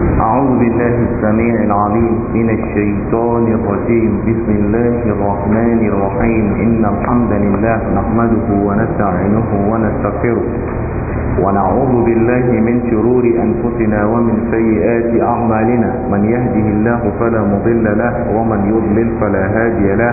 أعوذ بالله السميع العليم من الشيطان الرجيم بسم الله الرحمن الرحيم إن الحمد لله نحمده ونستعينه ونستغفره ونعوذ بالله من شرور أنفسنا ومن سيئات أعمالنا من يهده الله فلا مضل له ومن يضلل فلا هادي له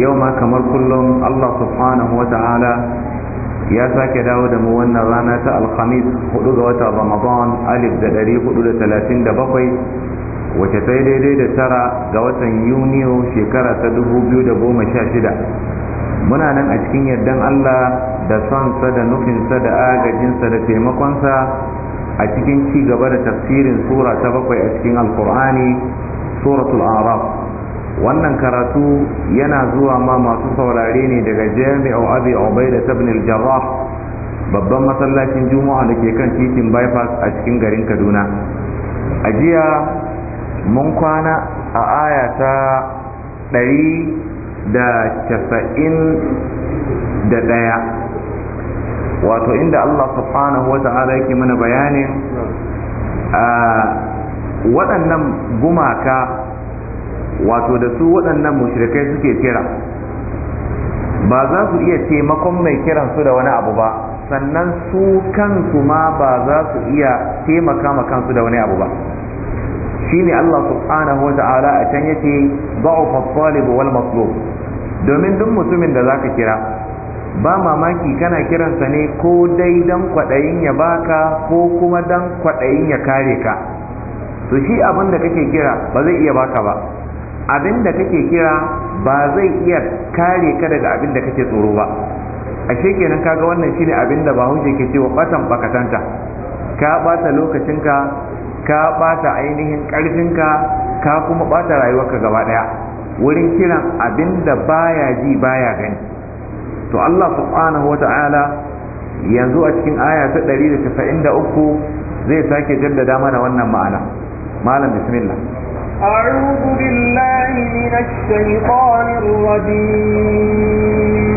yau ma kamar kullum Allah subhanahu wa ta'ala ya sake dawo da mu wannan rana ta alhamis 4 ga wata ramadan alif da 437 wace sai daidai da tara ga watan yuniyo shekara ta 2016 muna nan a cikin yardan Allah da sonsa da nufinsa da agajinsa da taimakonsa a cikin ci gaba da tafsirin sura ta bakwai a cikin alkur'ani suratul araf wannan karatu yana zuwa ma masu saurare ne daga jami'ar abi ubaida ibn al-jarrah babban masallacin juma'a da ke kan titin bypass a cikin garin kaduna a jiya mun kwana a aya ta 191 wato inda allah subhanahu wa ta'ala yake mana bayanin waɗannan gumaka wato da su waɗannan mushrikai suke kira ba za su iya taimakon mai kiran su da wani abu ba sannan su kansu ma ba za su iya taimaka ma kansu da wani abu ba Shi ne Allah subhanahu wa ta'ala a can yace da'ufa talib wal maslub domin duk mutumin da zaka kira ba mamaki kana kiransa ne ko dai dan kwaɗayin ya baka ko kuma dan kwaɗayin ya kare ka to shi abin da kake kira ba zai iya baka ba abin da kake kira ba zai iya kare ka daga abin da kake tsoro ba ashe kenan kaga wannan shine abin da bahaushe ke cewa batan bakatanta ka bata lokacinka ka bata ainihin karfinka ka kuma bata rayuwarka gaba daya wurin kiran abin da baya ji baya gani to Allah subhanahu wata'ala yanzu a cikin aya ta 193 zai sake jaddada mana wannan ma'ana malam bismillah أعوذ بالله من الشيطان الرجيم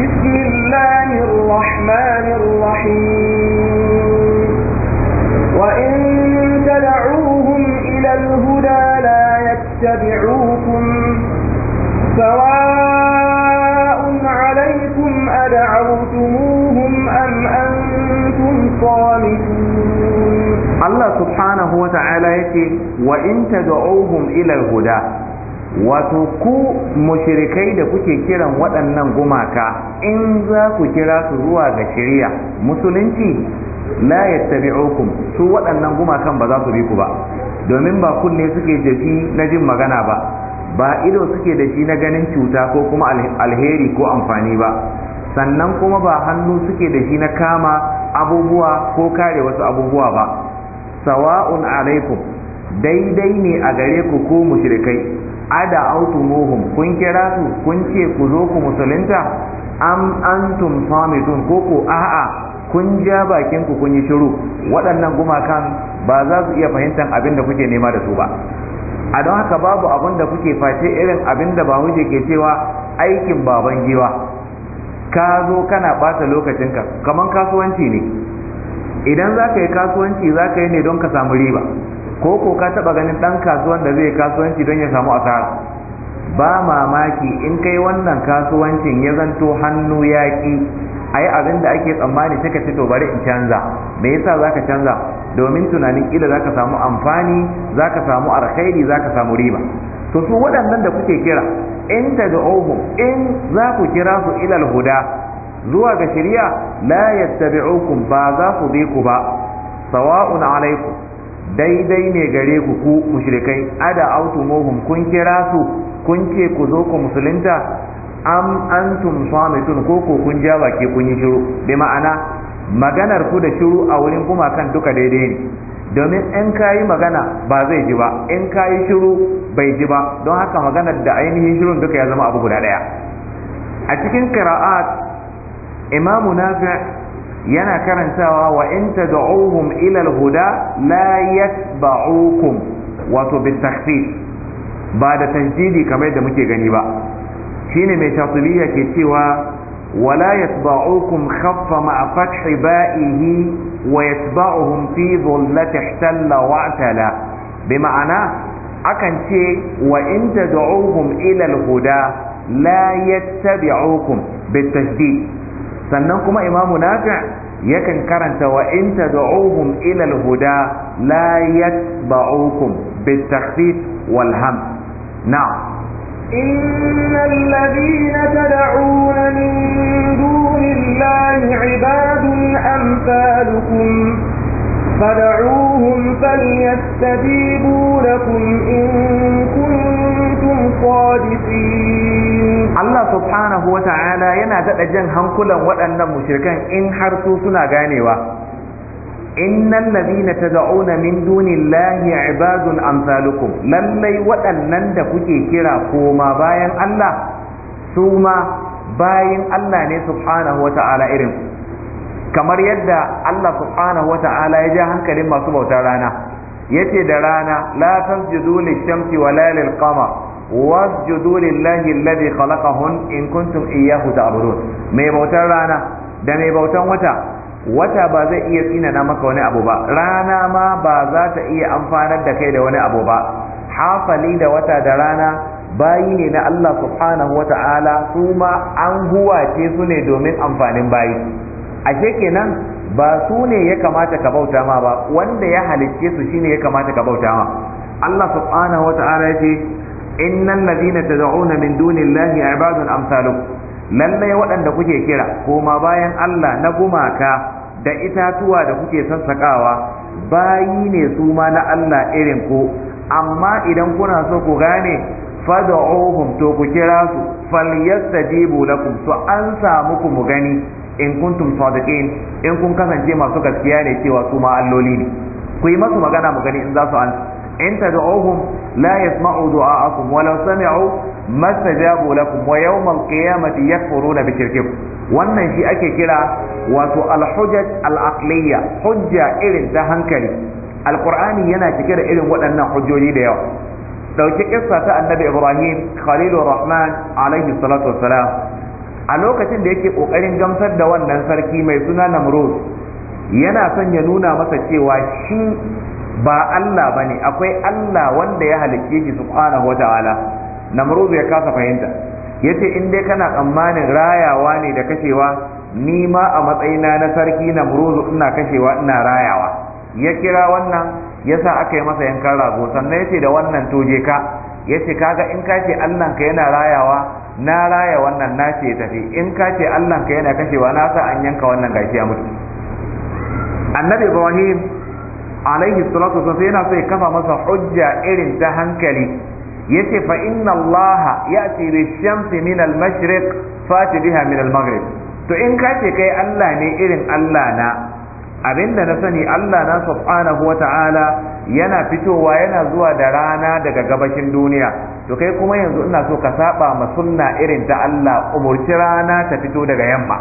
بسم الله الرحمن الرحيم وإن تدعوهم إلى الهدى لا يتبعوكم سواء عليكم أدعوتموهم أم أنتم صامتون Allah subhanahu wa ta'ala yake wa in tad'uhum ila huda wato ku mushrikai da kuke kiran waɗannan gumaka in za ku kira su zuwa ga shirya? musulunci la yattabi'ukum su waɗannan gumakan ba za su bi ku ba domin ba kunne suke da na jin magana ba ba ido suke da shi na ganin cuta ko kuma alheri ko amfani ba sannan kuma ba hannu suke da shi na kama abubuwa ko kare wasu abubuwa ba sawa'un alaikum daidai ne a gare ku ko mushrikai ada autumuhum kun kira su kun ce ku zo ku musulunta am antum samitun ko ko a'a kun ja bakin ku kun yi shiru waɗannan gumakan ba za su iya fahimtar abin da kuke nema da su ba a don haka babu abin da kuke face irin abin da ba ke cewa aikin baban giwa ka zo kana lokacin lokacinka kaman kasuwanci ne idan za ka yi kasuwanci za ka yi ne don ka samu riba ko ko ka taba ganin ɗan kasuwan da zai kasuwanci don ya samu asara ba mamaki in kai wannan kasuwancin ya zanto hannu yaƙi yi abin da ake tsammani sai fito bari in canza me yasa za ka canza domin tunanin ƙila za ka samu amfani za ka samu alkhairi za ka samu riba to su waɗannan da kuke kira in ta in za ku kira su ilal huda zuwa ga shari'a la yattabi'ukum ba za ku bi ku ba sawa'un alaikum daidai ne gare ku ku mushrikai ada autumuhum kun kira su kun ce ku zo ku musulunta am antum samitun ko ko kun ja baki kun yi shiru bi ma'ana maganar ku da shiru a wurin kuma kan duka daidai ne domin in kayi magana ba zai ji ba in kayi shiru bai ji ba don haka maganar da ainihin shirun duka ya zama abu guda daya a cikin qira'at إمام نافع ينا كان سوا وإن تدعوهم إلى الهدى لا يتبعوكم وتو بالتخفيف بعد تجديد كما يدى مكي غنيبا شين مشاطبية كتوا ولا يتبعوكم خف مع فتح بائه ويتبعهم في ظلة احتل واعتلى بمعنى أكن شيء وإن تدعوهم إلى الهدى لا يتبعوكم بالتجديد sannan kuma imamu nafi yakan karanta wa in tad'uhum ila al-huda la yatba'ukum bit-takhfif wal ham na'am إن الذين تدعون من دون الله عباد أمثالكم فدعوهم فليستجيبوا لكم إن كنتم صادقين Allah subhanahu wa ta'ala yana daɗa jan hankulan waɗannan mushrikan in har su suna ganewa innal ta zauna min dunillahi ibadun amsalukum lallai waɗannan da kuke kira koma bayan Allah su ma Allah ne subhanahu wa ta'ala irin kamar yadda Allah subhanahu wa ta'ala ya ja hankalin masu bautar rana yace da rana la tasjudu lishamsi wa la lilqamar wasjudu lillahi alladhi khalaqahun in kuntum iyyahu ta'budun mai bautar rana da mai bautan wata wata ba zai iya tsinana maka wani abu ba rana ma ba za ta iya amfanar da kai da wani abu ba hafali da wata da rana bayi ne na Allah subhanahu wata'ala su ma an huwace su ne domin amfanin bayi ashe kenan ba su ne ya kamata ka bauta ma ba wanda ya halicce su shine ya kamata ka bauta ma Allah subhanahu wata'ala ya ce innan ladina tad'una min dunillahi ibadun amsalukum lallai waɗanda kuke kira koma bayan Allah na gumaka da itatuwa da kuke sassakawa bayi ne su ma na Allah irin ku amma idan kuna so ku gane fad'uhum to ku kira su falyastajibu lakum su an samu ku mu gani in kuntum sadiqin in kun kasance masu gaskiya ne cewa su ma alloli ne ku yi masu magana mu gani in za su ansa in tad'uhum la yasma'u du'a'akum wa law sami'u mastajabu lakum wa yawm al-qiyamati yakfuruna bi shirkikum wannan shi ake kira wato al-hujjat hujja irin ta hankali alqur'ani yana cike da irin waɗannan hujjoji da yawa dauki kissa ta annabi ibrahim khalilur rahman alaihi salatu wassalam a lokacin da yake ƙoƙarin gamsar da wannan sarki mai suna namrud yana son ya nuna masa cewa shi ba Allah ba ne akwai Allah wanda ya halicce shi subhanahu wataala namrud ya kasa fahimta yace in dai kana tsammanin rayawa ne da kashewa ni ma a matsayina na sarki namrud ina kashewa ina rayawa ya kira wannan yasa aka yi masa yankan rago sannan yace da wannan toje ka yace kaga in ka ce Allah ka yana rayawa na raya wannan na ce tafi in ka ce Allah ka yana kashewa na sa an yanka wannan gashi ya mutu annabi Ibrahim alaihi salatu wasallam yana so ya kafa masa hujja irin ta hankali yace fa inna allaha ya'ti bi-shamsi min al-mashriq fati biha min al-maghrib to in ka ce kai Allah ne irin Allah na abinda na sani Allah na subhanahu wata'ala yana fitowa yana zuwa da rana daga gabashin duniya to kai kuma yanzu ina so ka saba ma sunna irin ta Allah umurci rana ta fito daga yamma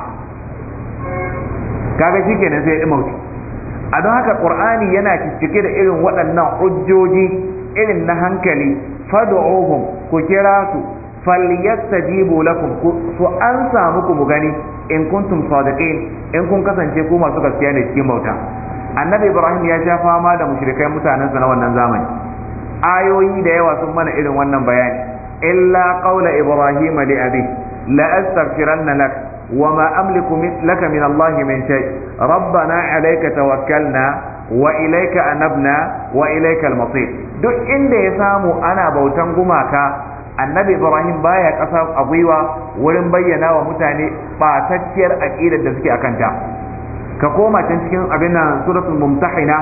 kaga shikenan sai ya dimauci a don haka qur'ani yana cike da irin waɗannan hujjoji irin na hankali fad'uhum ku kira su falyastajibu lakum su an samu ku mu gani in kuntum sadiqin in kun kasance ku masu gaskiya ne cikin bauta annabi ibrahim ya sha fama da mushrikai mutanen sa na wannan zamani ayoyi da yawa sun mana irin wannan bayani illa qaula ibrahim li abi la astaghfiranna lak وما أملك لك من الله من شيء ربنا عليك توكلنا وإليك أنبنا وإليك المصير duk inda ya samu ana bautan gumaka annabi ibrahim baya kasa a gwiwa wurin bayyana wa mutane batacciyar aqidar da suke akanta ka koma can cikin abin nan suratul mumtahina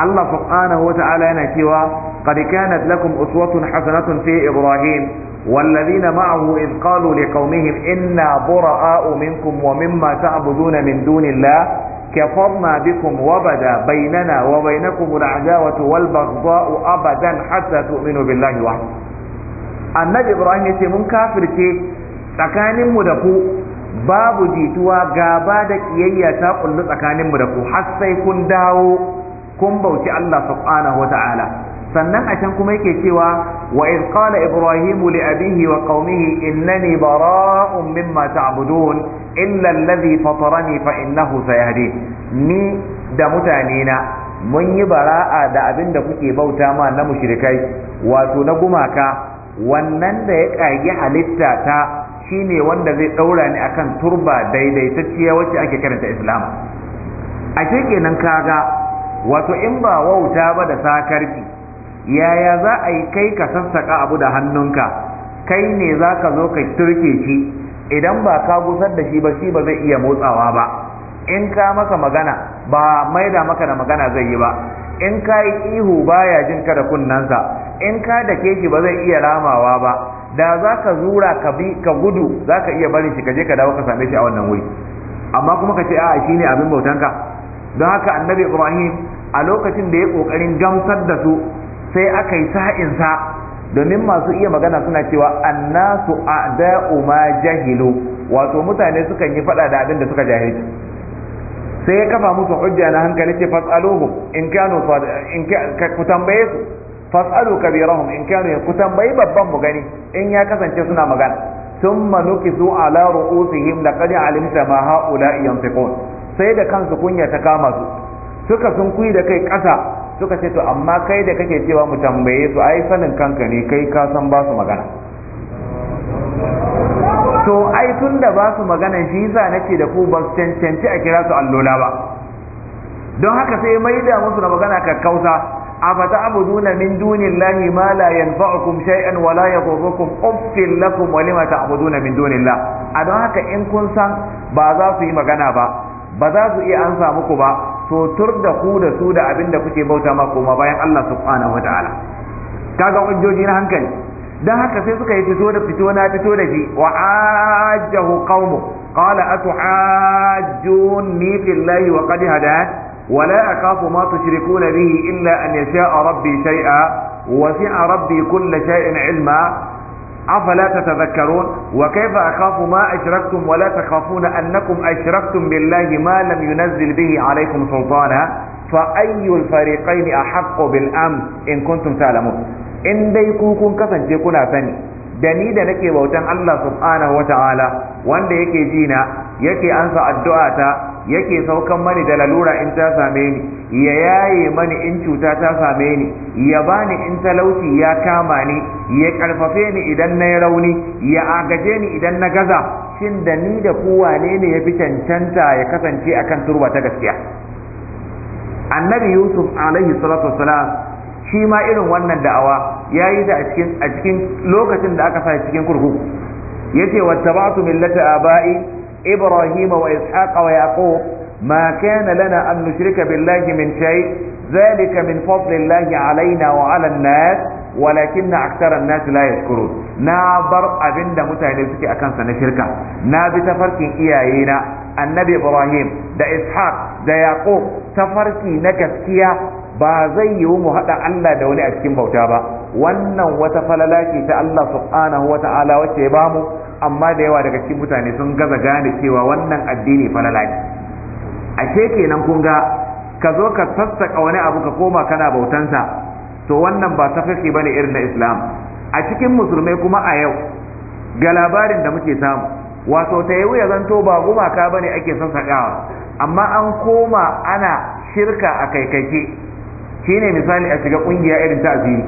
Allah subhanahu wa ta'ala yana cewa قد كانت لكم أسوة حسنة في إبراهيم والذين معه إذ قالوا لقومهم إنا براء منكم ومما تعبدون من دون الله كفرنا بكم وبدا بيننا وبينكم العداوة والبغضاء أبدا حتى تؤمنوا بالله وحده النبي إبراهيم من كافر tsakaninmu تكان ku باب جيتوا gaba da تاقل ta kullu حتى يكون داو كن بوتي الله سبحانه وتعالى sannan a can kuma yake cewa wa iz qala ibrahimu li abihi wa qaumihi innani bara'un mimma ta'budun illa alladhi fatarani fa innahu sayahdi ni da mutane na mun yi bara'a da abin da kuke bauta ma na mushrikai wato na gumaka wannan da ya kage halitta ta shine wanda zai daura ni akan turba daidaitacciya wacce ake karanta islam a kenan kaga wato in ba wauta ba da sakarki yaya za a yi kai ka sassaka abu da hannunka kai ne za ka zo ka turke shi idan ba ka gusar da shi ba shi ba zai iya motsawa ba in ka maka magana ba maida maka da magana zai yi ba in ka yi ihu baya jin ka da kunnansa in ka da shi ba zai iya ramawa ba da za ka zura ka bi ka gudu za ka iya barin shi ka je ka dawo ka same shi a wannan wuri amma kuma ka ce a'a ne abin bautanka don haka annabi ibrahim a lokacin da ya kokarin gamsar da su sai aka yi sa'insa domin masu iya magana suna cewa annasu a'da'u ma jahilu wato mutane sukan yi fada da abin da suka jahilci sai ya kafa musu hujja na hankali ce fasaluhu in kanu ku tambaye su fas'alu kabirahum in kanu ku tambayi babban mu gani in ya kasance suna magana thumma nukisu ala ru'usihim laqad alimta ma haula yantiqun sai da kansu kunya ta kama su suka sun kui da kai kasa suka ce to amma kai da kake cewa mu tambaye su ai sanin kanka ne kai ka san ba su magana to ai tun da ba su magana shi yasa nake da ku ba su cancanci a kira su allola ba don haka sai mai da musu da magana kakkausa a fata abuduna min dunillahi ma la yanfa'ukum shay'an wa la yadurrukum uffil lakum wa abu ta'buduna min la, a don haka in kun san ba za su yi magana ba ba za su iya ansa muku ba to da ku da su da abin da kuke bauta ma koma bayan Allah subhanahu wataala kaga hujjoji na hankali dan haka sai suka yi fito da fito na fito da shi wa ajjahu qaumu qala atuhajjuni fillahi wa qad hadan wa la akafu ma tushrikuna bihi illa an yasha rabbi shay'a wa si'a rabbi kulli shay'in ilma afala tatadhakkarun wa kayfa akhafu ma ashraktum wa la takhafuna annakum ashraktum billahi ma lam yunzil bihi alaykum sultana fa ayyul fariqayn ahaqqu bil amn in kuntum ta'lamun in dai ku kun kasance kuna sani da ni da nake bautan Allah subhanahu wa ta'ala wanda yake jina yake ansa addu'a ta yake saukan mani da lalura in ta same ni ya yaye mani in cuta ta same ni ya bani in talauci ya kama ni ya karfafe ni idan na rauni ya agaje ni idan na gaza shin da ni da kowa ne ne ya fi cancanta ya kasance akan turba ta gaskiya annabi yusuf alaihi salatu wassalam shi ma irin wannan da'awa ya yi ta a cikin lokacin da aka sa cikin kurkuku yace wattaba'tu millata aba'i ibrahima wa ishaqa wa yaqub ما كان لنا أن نشرك بالله من شيء ذلك من فضل الله علينا وعلى الناس ولكن أكثر الناس لا يشكرون نابر أبن دا متعلم سكي أكان سنة شركة نابي تفركي إيايينا النبي إبراهيم دا إسحاق دا يعقوب تفركي نكسكيا ba zai yiwu mu haɗa Allah da wani a cikin bauta ba wannan wata falala ce ta Allah subhanahu wa ta'ala wacce ya bamu amma da yawa daga cikin mutane sun gaza gane cewa wannan addini falala ne ashe kenan kun ga ka zo ka sassaka wani abu ka koma kana bautansa to wannan ba tafiki bane irin na islam a cikin musulmai kuma a yau ga labarin da muke samu wato ta yi ya zanto ba gumaka bane ake sassakawa amma an koma ana shirka a kaikaice shine misali a shiga kungiya irin ta azini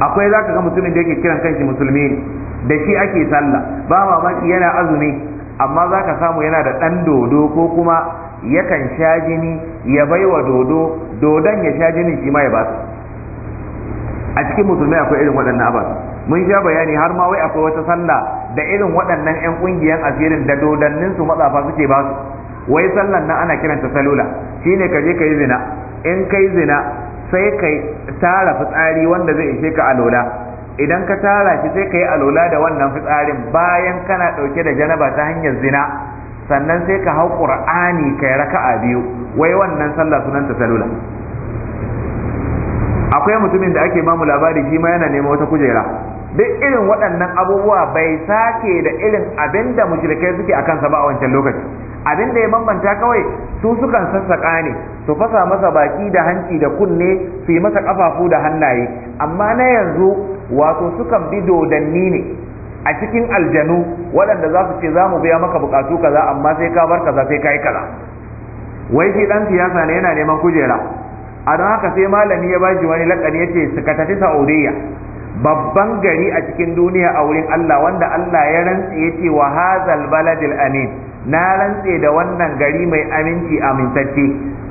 akwai za ka ga mutumin da yake kiran kanshi musulmi da shi ake sallah ba mamaki yana azumi amma za ka samu yana da ɗan dodo ko kuma yakan sha jini ya bai wa dodo dodon ya sha jini shi ma ya ba su a cikin musulmi akwai irin waɗannan abin mun sha bayani har ma wai akwai wata sallah da irin waɗannan 'yan ƙungiyar asirin da dodannin su matsafa suke ba su wai sallan nan ana kiranta salula shine ka je ka yi zina in kai zina sai ka tara fitsari wanda zai ishe ka lola. idan ka tara shi sai ka yi alola da wannan fitsarin bayan kana ɗauke da janaba ta hanyar zina sannan sai ka hau ƙur'ani ka yi raka'a biyu wai wannan sallah sunan ta salula akwai mutumin da ake mamu labari shi yana nema wata kujera duk irin waɗannan abubuwa bai sake da irin abinda da mushrikai suke akan sa ba a wancan lokaci abin da ya bambanta kawai su sukan sassaƙa ne su fasa masa baki da hanci da kunne su yi masa ƙafafu da hannaye amma na yanzu wato sukan bi dodanni ne a cikin aljanu waɗanda za su ce za mu biya maka buƙatu kaza amma sai ka bar kaza sai ka yi kaza wai shi ɗan siyasa ne yana neman kujera a don haka sai malami ya bashi wani lakani ya ce suka tafi sa'udiyya babban gari a cikin duniya a wurin Allah wanda Allah ya rantsi ya ce wa hazal baladil amin na rantse da wannan gari mai aminci amintacce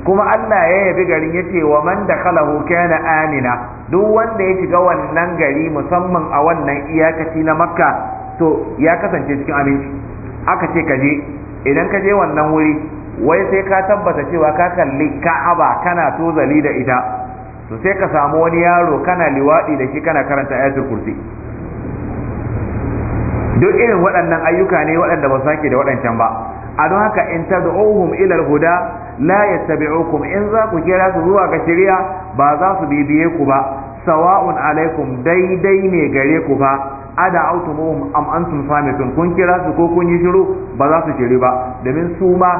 kuma Allah ya yabi garin ya ce wa man da kana amina duk wanda ya shiga wannan gari musamman a wannan iyakaci na makka to ya kasance cikin aminci aka ce ka je idan ka je wannan wuri wai sai ka tabbata cewa ka kalli ka'aba kana tozali da ita to sai ka samu wani yaro kana liwaɗi da shi kana karanta ayatul kursi duk irin waɗannan ayyuka ne waɗanda ba sake da waɗancan ba a don haka in tad'uhum ila al-huda la yattabi'ukum in za ku kira su zuwa ga shari'a ba za su bibiye ku ba sawa'un alaikum daidai ne gare ku ba ada autumum am antum samitun kun kira su ko kun yi shiru ba za su shiri ba domin su ma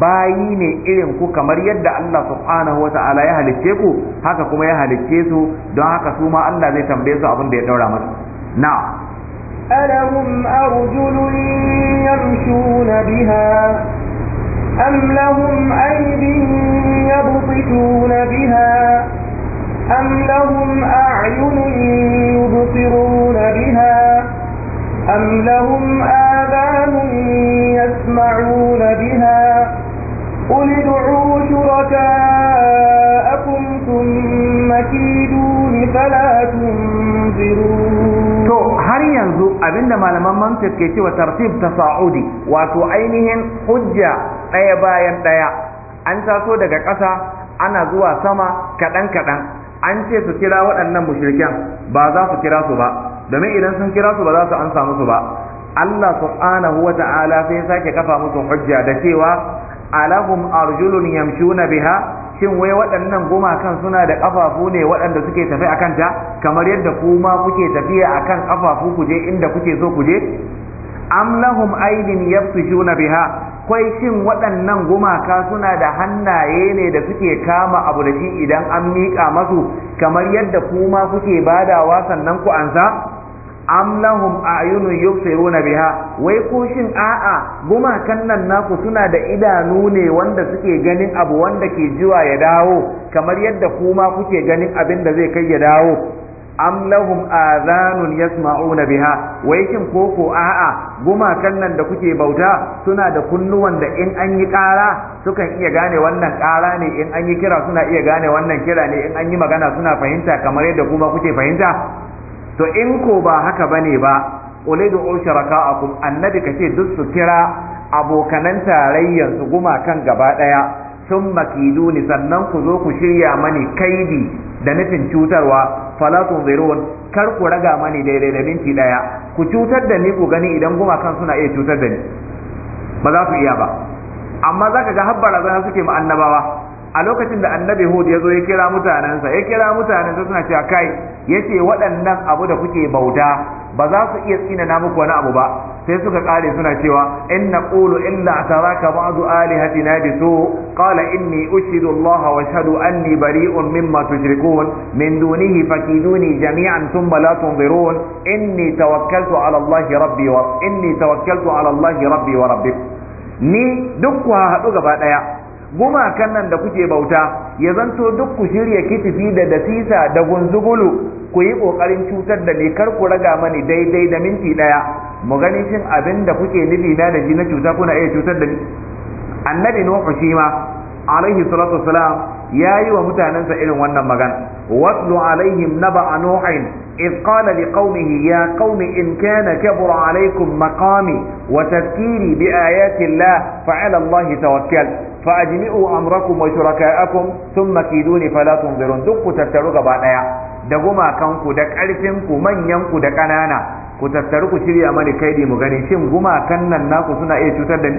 bayi ne irin ku kamar yadda Allah subhanahu wa ta'ala ya halicce ku haka kuma ya halicce su don haka su ma Allah zai tambaye su abin da ya daura musu na'am ألهم أرجل يمشون بها أم لهم أيد يبطشون بها أم لهم أعين يبصرون بها أم لهم آذان يسمعون بها قل ادعوا شركاءكم ثم كِيدُونِ to har yanzu abinda malaman mantiq ke cewa tartib ta sa'udi wato ainihin hujja ɗaya bayan ɗaya an taso daga ƙasa ana zuwa sama kaɗan kaɗan an ce su kira waɗannan mushirken, ba za su kira su ba domin idan sun kira su ba za su ansa musu ba Allah subhanahu wa ta'ala sai sake kafa musu hujja da cewa alahum arjulun yamshuna biha shin wai waɗannan gumakan suna da ƙafafu ne waɗanda suke tafi a kanta kamar yadda kuma kuke tafiya a kan ƙafafu ku je inda kuke so ku je am lahum aydin yabtishuna biha kwai shin waɗannan gumaka suna da hannaye ne da suke kama abu da shi idan an miƙa masu kamar yadda kuma kuke badawa sannan ku ansa am lahum a'yunun yubsiruna biha wai ko shin a'a gumakan nan naku suna da idanu ne wanda suke ganin abu wanda ke jiwa ya dawo kamar yadda kuma kuke ganin abin da zai kai ya dawo am lahum azanun yasma'una biha wai shin ko ko a'a gumakan nan da kuke bauta suna da kunnuwan da in an yi ƙara sukan iya gane wannan ƙara ne in an yi kira suna iya gane wannan kira ne in an yi magana suna fahimta kamar yadda kuma kuke fahimta to in ko ba haka bane ba ulai usharaka akum annabi kace duk su kira abokanan tarayyan su guma kan gaba daya sun makiduni sannan ku zo ku shirya mani kaidi da nufin cutarwa fala tunzirun kar ku raga mani daidai da minti daya ku cutar da ni ku gani idan gumakan suna iya cutar da ni ba za su iya ba amma za ka ga har barazana suke ma annabawa a lokacin da annabi hud ya zo ya kira mutanensa ya kira mutanensa suna cewa kai ya ce waɗannan abu da kuke bauta ba za su iya tsinana muku wani abu ba sai suka ƙare suna cewa in ƙulu illa ataraka ba'du alihatina bi su qala inni ushidu Allah wa ashhadu anni bari'un mimma tushrikun min dunihi fakiduni jami'an thumma la tunzirun inni tawakkaltu ala Allah rabbi wa inni tawakkaltu ala Allah rabbi wa ni duk ku haɗu gaba ɗaya gumakan nan da kuke bauta ya zanto duk ku shirya kitifi da dasisa da gunzugulu ku yi ƙoƙarin cutar da ni kar ku raga mani daidai da minti ɗaya mu gani shin abin da kuke nufi na da shi na cuta kuna iya cutar da ni annabi nuhu shi ma alaihi salatu wasalam ya yi wa mutanensa irin wannan magana watlu alaihim naba nuhin إذ قال لقومه يا قوم إن كان كبر عليكم مقامي وتذكيري بآيات الله فعلى الله توكل فأجمعوا أمركم وشركاءكم ثم كيدوني فلا تنظرون دق تترك بعد دقما كنكو دك ألفنكو من ينكو دك أنانا كتترك شريا من كيدي مغني شم قما كنا ناكو سنة إيه تتدن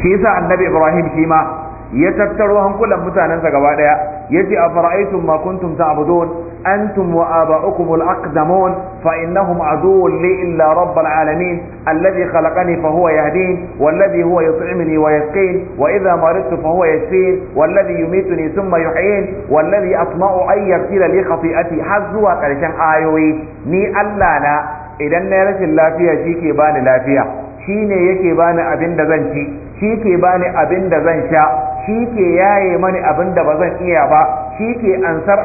shi yasa annabi ibrahim shi ma ya tattaro hankulan mutanensa gaba daya yace afara'aytum ma kuntum ta'budun antum wa aba'ukum al-aqdamun fa innahum aduwwun li illa rabbil alamin alladhi khalaqani fa huwa yahdin walladhi huwa yut'imuni wa yasqin wa idha maridtu fa huwa yashfin walladhi yumituni thumma yuhyin walladhi atma'u an yaghfira li khati'ati har zuwa karshen ayoyi ni Allah na idan na rashin lafiya shi ke bani lafiya shine yake bani abin da zan ci shi ke bani abin da zan sha shi ke yaye mani abin da ba zan iya ba shi ke ansar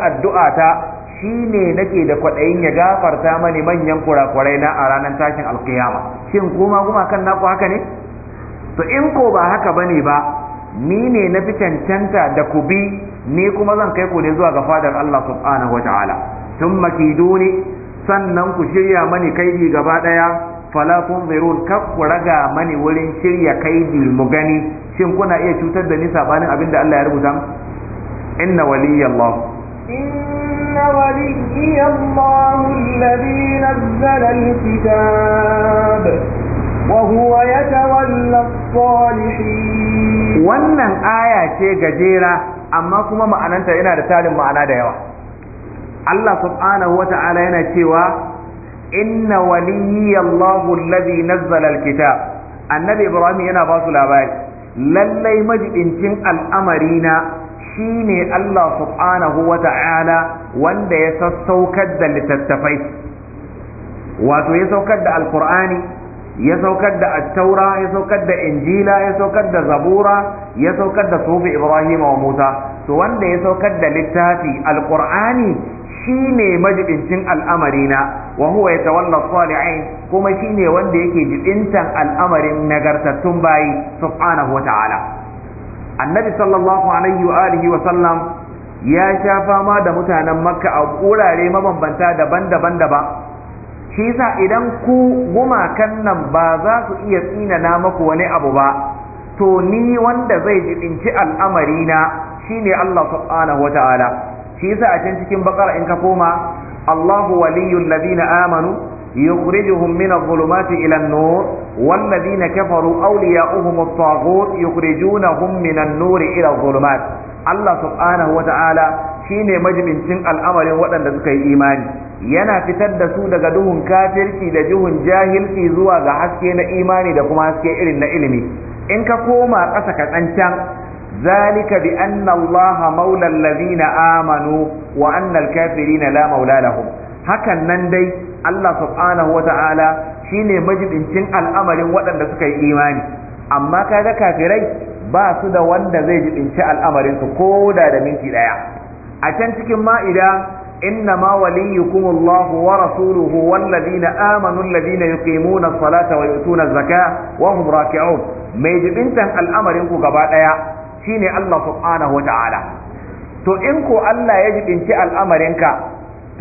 ta, shi ne nake da kwaɗayin ya gafarta mani manyan kurakurai na a ranar tashin alkiyama shin kuma kuma kan naku haka ne to in ko ba haka bane ba ni ne na fi cancanta da ku bi ni kuma zan kai ku ne zuwa ga fadar Allah subhanahu wa ta'ala tun duni, sannan ku shirya mani kai gaba ɗaya fala tunzirun kar ku raga mani wurin shirya kaidi mu gani shin kuna iya cutar da ni sabanin abin da Allah ya rubuta inna waliyallah inna waliyallahu alladhi nazzala alkitab wa huwa yatawalla wannan aya ce gajera amma kuma ma'ananta yana da tarin ma'ana da yawa Allah subhanahu wata'ala yana cewa inna waliyyi Allahu alladhi nazzala alkitab annabi Ibrahim yana ba su labari lallai majidincin al'amarina shine Allah subhanahu wa ta'ala wanda ya sassaukar da littattafai wato ya saukar da alkur'ani ya saukar da attaura ya saukar da injila ya saukar da zabura ya saukar da sufi ibrahim wa musa to wanda ya saukar da littafi alkur'ani shine majidincin al'amarina wa huwa yatawalla salihin kuma shine wanda yake jibintan al'amarin nagartattun bayi annabi sallallahu alaihi wa wa sallam ya sha fama da mutanen makka a wurare mabambanta daban-daban daban shi yasa idan ku gumakan nan ba za su iya tsinana maku wani abu ba to ni wanda zai jibinci al'amarina shine Allah subhanahu wa shi yasa a can cikin baƙar in ka koma الله ولي الذين آمنوا يخرجهم من الظلمات إلى النور والذين كفروا أولياؤهم الطاغوت يخرجونهم من النور إلى الظلمات الله سبحانه وتعالى shine majibincin al'amarin waɗanda suka yi imani yana fitar da su daga duhun kafirci da duhun jahilci zuwa ga haske na imani da kuma haske irin na ilimi in ka koma ƙasa ka zalika bi anna Allah maula allazina amanu wa anna al-kafirina la maula lahum hakan nan dai Allah subhanahu wa ta'ala shine majibincin al'amarin waɗanda suka yi imani amma kada kafirai ba su da wanda zai jibinci al'amarinsu ko da da minti ɗaya. a can cikin ma'ida إنما وليكم الله ورسوله والذين آمنوا الذين يقيمون الصلاة ويؤتون الزكاة وهم راكعون ما يجب أنت الأمر ينكو قبات shine Allah subhanahu wata'ala to in ko Allah ya jibinci al'amarinka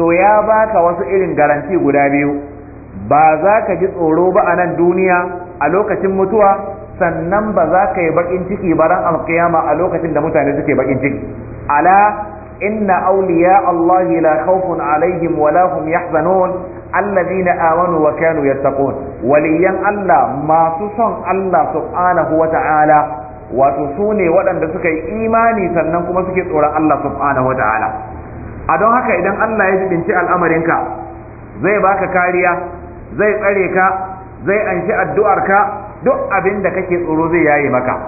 to ya baka wasu irin garanti guda biyu ba za ka ji tsoro ba a nan duniya a lokacin mutuwa sannan ba za ka yi bakin ciki ba ran alkiyama a lokacin da mutane suke bakin ciki ala inna awliya Allah la khawfun alaihim wa la hum yahzanun الذين آمنوا وكانوا يتقون وليا الله ما تصن الله سبحانه وتعالى wato su ne waɗanda suka yi imani sannan kuma suke tsoron Allah subhanahu ta'ala. a don haka idan Allah ya jibinci al'amarinka zai baka kariya zai tsare ka zai anshi addu'arka duk abin da kake tsoro zai yayi maka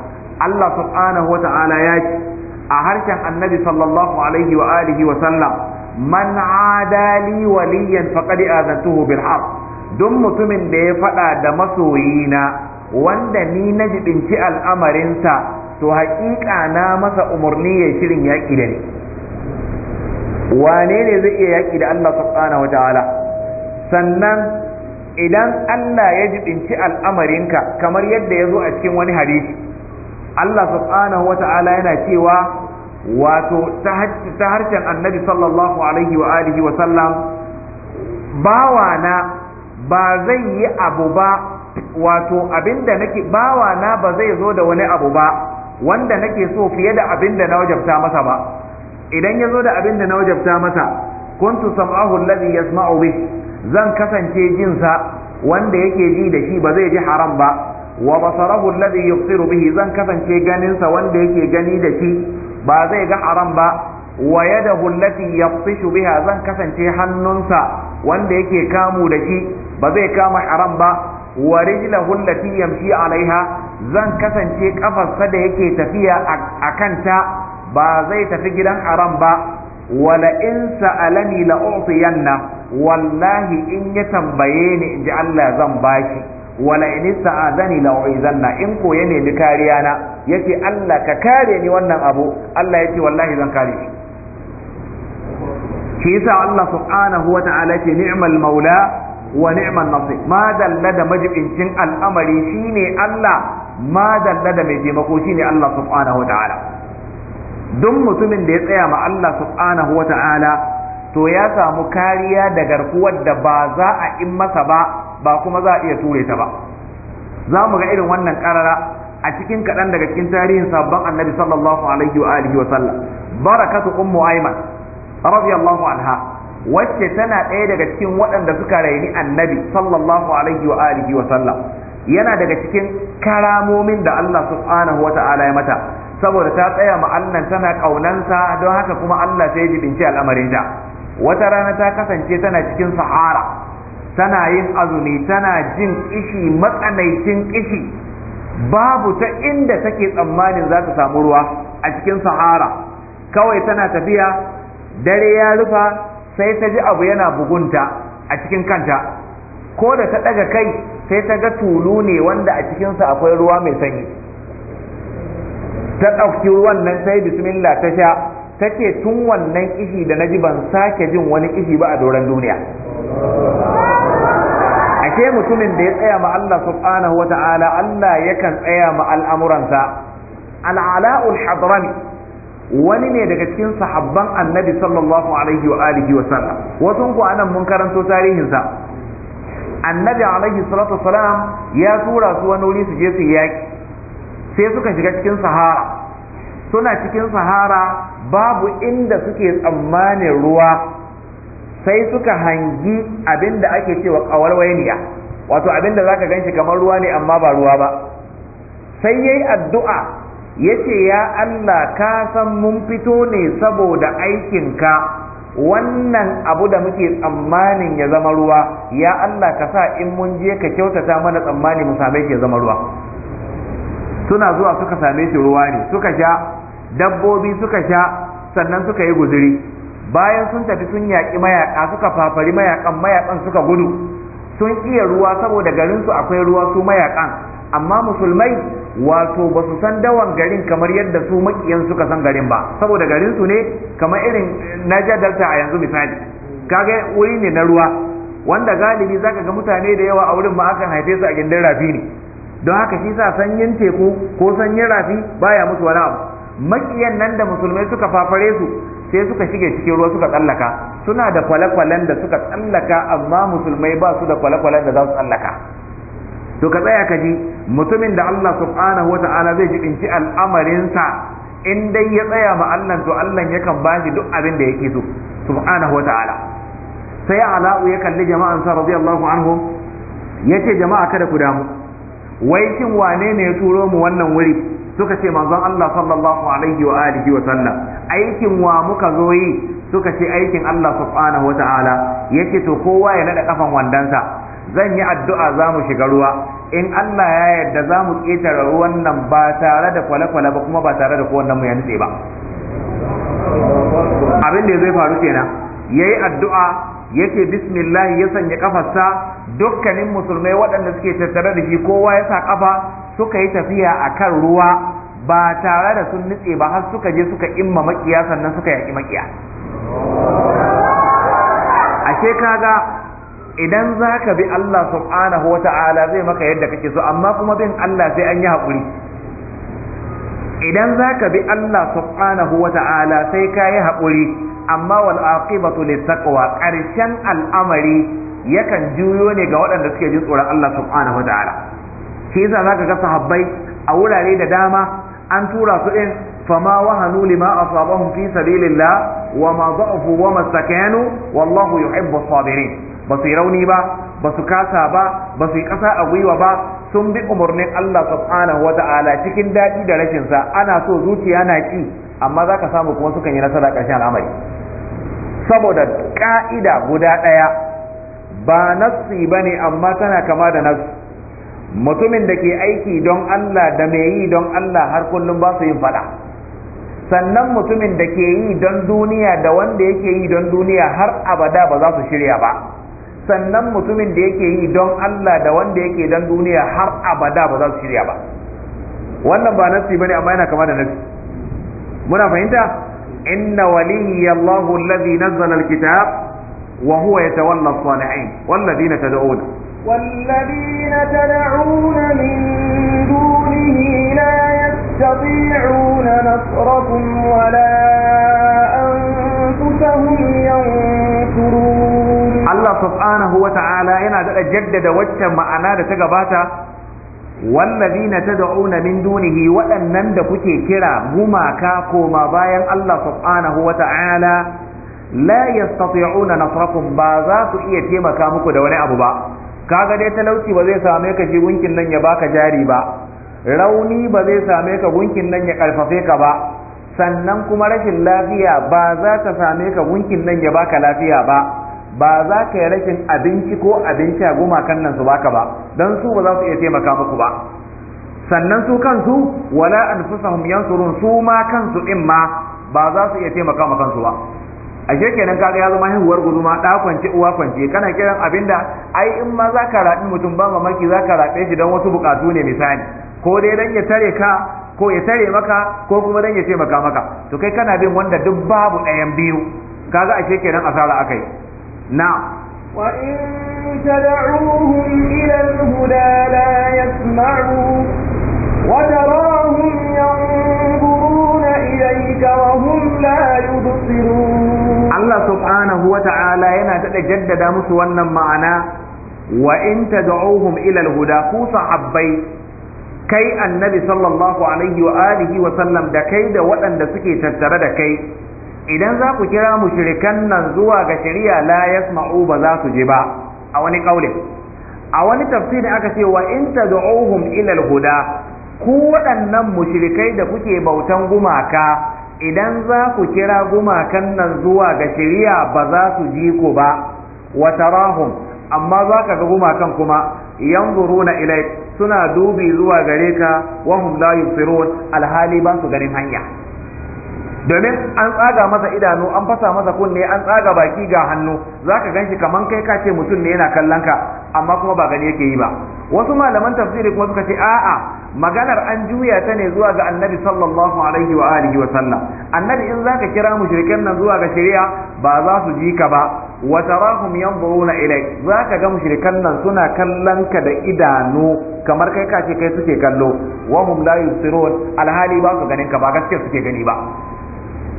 Allah subhanahu ta'ala ya ce a harshen annabi sallallahu alaihi wa alihi wa sallam man adali waliyan faqad azantuhu bil harb duk mutumin da ya faɗa da masoyina wanda ni na jibinci al'amarinsa to haƙiƙa na masa umarni ya shirin yaƙi da ni wane ne zai iya yaƙi da Allah subhanahu wa ta'ala sannan idan Allah ya jibinci al'amarinka kamar yadda ya zo a cikin wani hadisi Allah subhanahu wa ta'ala yana cewa wato ta harshen annabi sallallahu alaihi wa alihi wa sallam bawana ba zai yi abu ba wato abinda nake bawa na ba zai zo da wani abu ba wanda nake so fiye da abinda na wajabta masa ba idan ya zo da abinda na wajabta masa kuntu sam'ahu alladhi yasma'u bih zan kasance jin sa wanda yake ji da shi ba zai ji haram ba wa basarahu alladhi yubsiru bihi zan kasance ganin sa wanda yake gani da shi ba zai ga haram ba wa yadahu allati yabtishu biha zan kasance hannunsa wanda yake kamu da shi ba zai kama haram ba wa rijlahu allati yamshi alaiha zan kasance kafarsa da yake tafiya a kanta ba zai tafi gidan haram ba wala in sa'alani la u'tiyanna wallahi in ya tambaye ni inji Allah zan bashi wala in sa'adani la u'izanna in ko ya nemi kariya na yace Allah ka kare ni wannan abu Allah yace wallahi zan kare shi shi yasa Allah subhanahu wa ta'ala ce ni'mal maula wa ni'man nasir ma dalla da majibincin al'amari shine Allah ma dalla da mai taimako shine Allah subhanahu wataala duk mutumin da ya tsaya ma Allah subhanahu wataala to ya samu kariya da garkuwar da ba za'a a masa ba ba kuma za a iya ture ta ba za mu ga irin wannan karara a cikin kaɗan daga cikin tarihin sabon annabi sallallahu alaihi wa alihi wa sallam barakatu ummu ayman radiyallahu alha. wacce tana ɗaya daga cikin waɗanda suka raini annabi sallallahu alaihi wa alihi wa sallam yana daga cikin karamomin da Allah subhanahu wa ta'ala ya mata saboda ta tsaya ma Allah tana kaunansa don haka kuma Allah ta yi jibinci al'amarin ta wata rana ta kasance tana cikin sahara tana yin azumi tana jin kishi matsanaicin kishi babu ta inda take tsammanin za ta samu ruwa a cikin sahara kawai tana tafiya dare ya rufa sai ta ji abu yana bugunta a cikin kanta ko da ta ɗaga kai sai ta ga tulu ne wanda a cikinsa akwai ruwa mai sanyi ta ɗauki ruwan nan sai bismillah ta sha take tun wannan ishi da na ji ban sake jin wani ishi ba a doron duniya Ake mutumin da ya tsaya ma Allah subhanahu wa ta'ala Allah yakan tsaya ma al'amuransa al'ala'ul hadrami wani ne daga cikin sahabban annabi sallallahu alaihi wa alihi wa sallam wasu ku anan mun karanto tarihin sa annabi alaihi salatu wassalam ya tura su wani wuri su je su yaki sai suka shiga cikin sahara suna cikin sahara babu inda suke tsammanin ruwa sai suka hangi abinda ake cewa kawalwainiya wato abinda zaka ganshi kamar ruwa ne amma ba ruwa ba sai yayi addu'a yace ya Allah ka san mun fito ne saboda aikinka wannan abu da muke tsammanin ya zama ruwa ya Allah ka sa in mun je ka kyautata mana tsammani mu same shi ya zama ruwa suna zuwa suka same shi ruwa ne suka sha dabbobi suka sha sannan suka yi guzuri bayan sun tafi sun yaƙi mayaƙa suka fafari mayaƙan mayaƙan suka gudu sun iya ruwa saboda garinsu akwai ruwa su mayaƙan amma musulmai wato ba su san dawan garin kamar yadda su makiyan suka san garin ba saboda garin su ne kamar irin Niger Delta a yanzu misali kaga wuri ne na ruwa wanda galibi zaka ga mutane da yawa a wurin ba akan haife su a gindin rafi ne don haka shi sa sanyin teku ko sanyin rafi baya musu wani abu makiyan nan da musulmai suka fafare su sai suka shige cikin ruwa suka tsallaka suna da kwale-kwalen da suka tsallaka amma musulmai ba su da kwale-kwalen da za su tsallaka to ka tsaya ka ji mutumin da Allah subhanahu wa ta'ala zai ci al'amarinsa in dai ya tsaya ma Allah to Allah yakan ba shi duk abin da yake so subhanahu wa ta'ala sai ala'u ya kalli jama'an sa radiyallahu anhum yace jama'a kada ku damu wai kin wane ne ya turo mu wannan wuri suka ce manzon Allah sallallahu alaihi wa alihi wa sallam aikin wa muka zo yi suka ce aikin Allah subhanahu wa ta'ala yace to kowa ya nada kafan wandansa zan yi addu'a za mu shiga ruwa in Allah ya yarda za mu ƙetare ruwan nan ba tare da kwale-kwale ba kuma ba tare da kowannen mu ya nutse ba abin da zai faru kenan yayi addu'a yake bismillah ya sanya kafarsa dukkanin musulmai waɗanda suke tattare da shi kowa ya sa kafa suka yi tafiya a kan ruwa ba tare da sun nutse ba har suka je suka imma makiya sannan suka yaki makiya ashe kaga idan za ka bi Allah subhanahu wa ta'ala zai maka yadda kake so amma kuma bin Allah sai an yi haƙuri idan za ka bi Allah subhanahu wa ta'ala sai ka yi haƙuri amma wal aqibatu littaqwa ƙarshen al'amari yakan juyo ne ga waɗanda suke jin tsoron Allah subhanahu wa ta'ala shi yasa zaka ga sahabbai a wurare da dama an tura su ɗin, fama wahanu lima asabahum fi sabilillah wa ma da'afu wa ma sakanu wallahu yuhibbu sabirin ba su yi rauni ba ba su kasa ba ba su yi ƙasa a gwiwa ba sun bi umarnin Allah subhanahu wa ta'ala cikin daɗi da rashin sa ana so zuciya na ki amma za ka samu kuma sukan yi nasara ƙarshen al'amari saboda ƙa'ida guda ɗaya ba nassi ba ne amma tana kama da nassi mutumin da ke aiki don Allah da mai yi don Allah har kullum ba su yin faɗa sannan mutumin da ke yi don duniya da wanda yake yi don duniya har abada ba za su shirya ba sannan mutumin da yake yi don Allah da wanda yake don duniya har abada ba za su shirya ba wannan ba nasi bane amma yana kama da nasi muna fahimta inna waliyya Allahu alladhi nazzala alkitab wa huwa yatawalla as-salihin walladhina tad'un والذين تدعون من دونه لا يستطيعون نصركم ولا أنفسهم Allah subhanahu wa ta'ala yana daɗa jaddada waccan ma'ana da ta gabata ta tad'una min dunihi waɗannan da kuke kira gumaka koma bayan Allah subhanahu wa ta'ala la yastati'una nasrakum ba za su iya taimaka muku da wani abu ba kaga dai talauci ba zai same ka shi gunkin nan ya baka jari ba rauni ba zai same ka gunkin nan ya karfafe ka ba sannan kuma rashin lafiya ba za ta same ka gunkin nan ya baka lafiya ba ba za ka yi rashin abinci ko abinci a gumakan nan su baka ba don su ba za su iya taimaka muku ba sannan su kansu wala anfusahum yansurun su ma kansu din ma ba za su iya taimaka ma kansu ba ashe kenan kaga ya zama haihuwar guduma da kwance uwa kwance kana kiran abinda ai in ma za ka raɗi mutum ba mamaki za ka rabe shi don wasu bukatu ne misali ko dai dan ya tare ka ko ya tare maka ko kuma dan ya taimaka maka to kai kana bin wanda duk babu ɗayan biyu kaga ashe kenan asara akai نعم وإن تدعوهم إلى الهدى لا يسمعوا وتراهم ينظرون إليك وهم لا يبصرون الله سبحانه وتعالى ينا تتجدد مسوانا معنا وإن تدعوهم إلى الهدى كوسا حبي kai annabi sallallahu alaihi wa alihi wa sallam da kai da waɗanda suke tattare da kai idan za ku kira mushrikan nan zuwa ga shari'a la yasma'u ba za su je ba a wani kaulin a wani tafsiri aka ce wa in tad'uhum ila al-huda ku waɗannan mushrikai da kuke bautan gumaka idan za ku kira gumakan nan zuwa ga shari'a ba za su ji ku ba wa tarahum amma za ka ga gumakan kuma yanzuruna ilai suna dubi zuwa gare ka wa hum la alhali ba su ganin hanya domin an tsaga masa idanu an fasa masa kunne an tsaga baki ga hannu zaka ganshi kaman kai ka ce mutum ne yana kallon ka amma kuma ba gani yake yi ba wasu malaman tafsiri kuma suka ce a'a maganar an juya ta ne zuwa ga annabi sallallahu alaihi wa alihi wa sallam annabi in zaka kira mushrikan nan zuwa ga shari'a ba za su ji ka ba wa tarahum yanzuruna ilai zaka ga mushrikan nan suna kallon ka da idanu kamar kai kace kai suke kallo wa hum la yusirun alhali ba su ganin ka ba gaskiya suke gani ba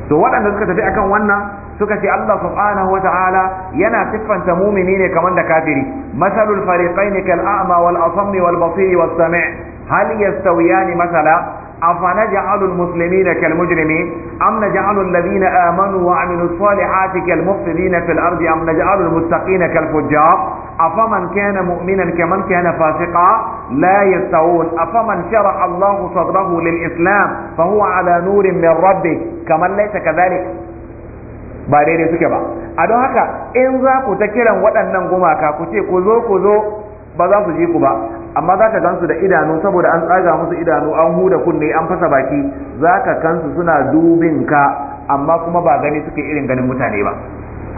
to waɗanda suka tafi akan wannan suka ce Allah subhanahu wa ta'ala yana siffanta mumini ne kamar da kafiri masalul fariqain kal a'ma wal asam wal basir was sami' hal yastawiyani masala أفنجعل المسلمين كالمجرمين أم نجعل الذين آمنوا وعملوا الصالحات كالمفسدين في الأرض أم نجعل المتقين كالفجار أفمن كان مؤمنا كمن كان فاسقا لا يستوون أفمن شرح الله صدره للإسلام فهو على نور من ربه كمن ليس كذلك بعدين daidai suke ba a don haka in za ku ta kiran waɗannan gumaka amma za ka gansu da idanu saboda an tsaga musu idanu an huda kunne an fasa baki za ka kansu suna dubin ka amma kuma ba gani suke irin ganin mutane ba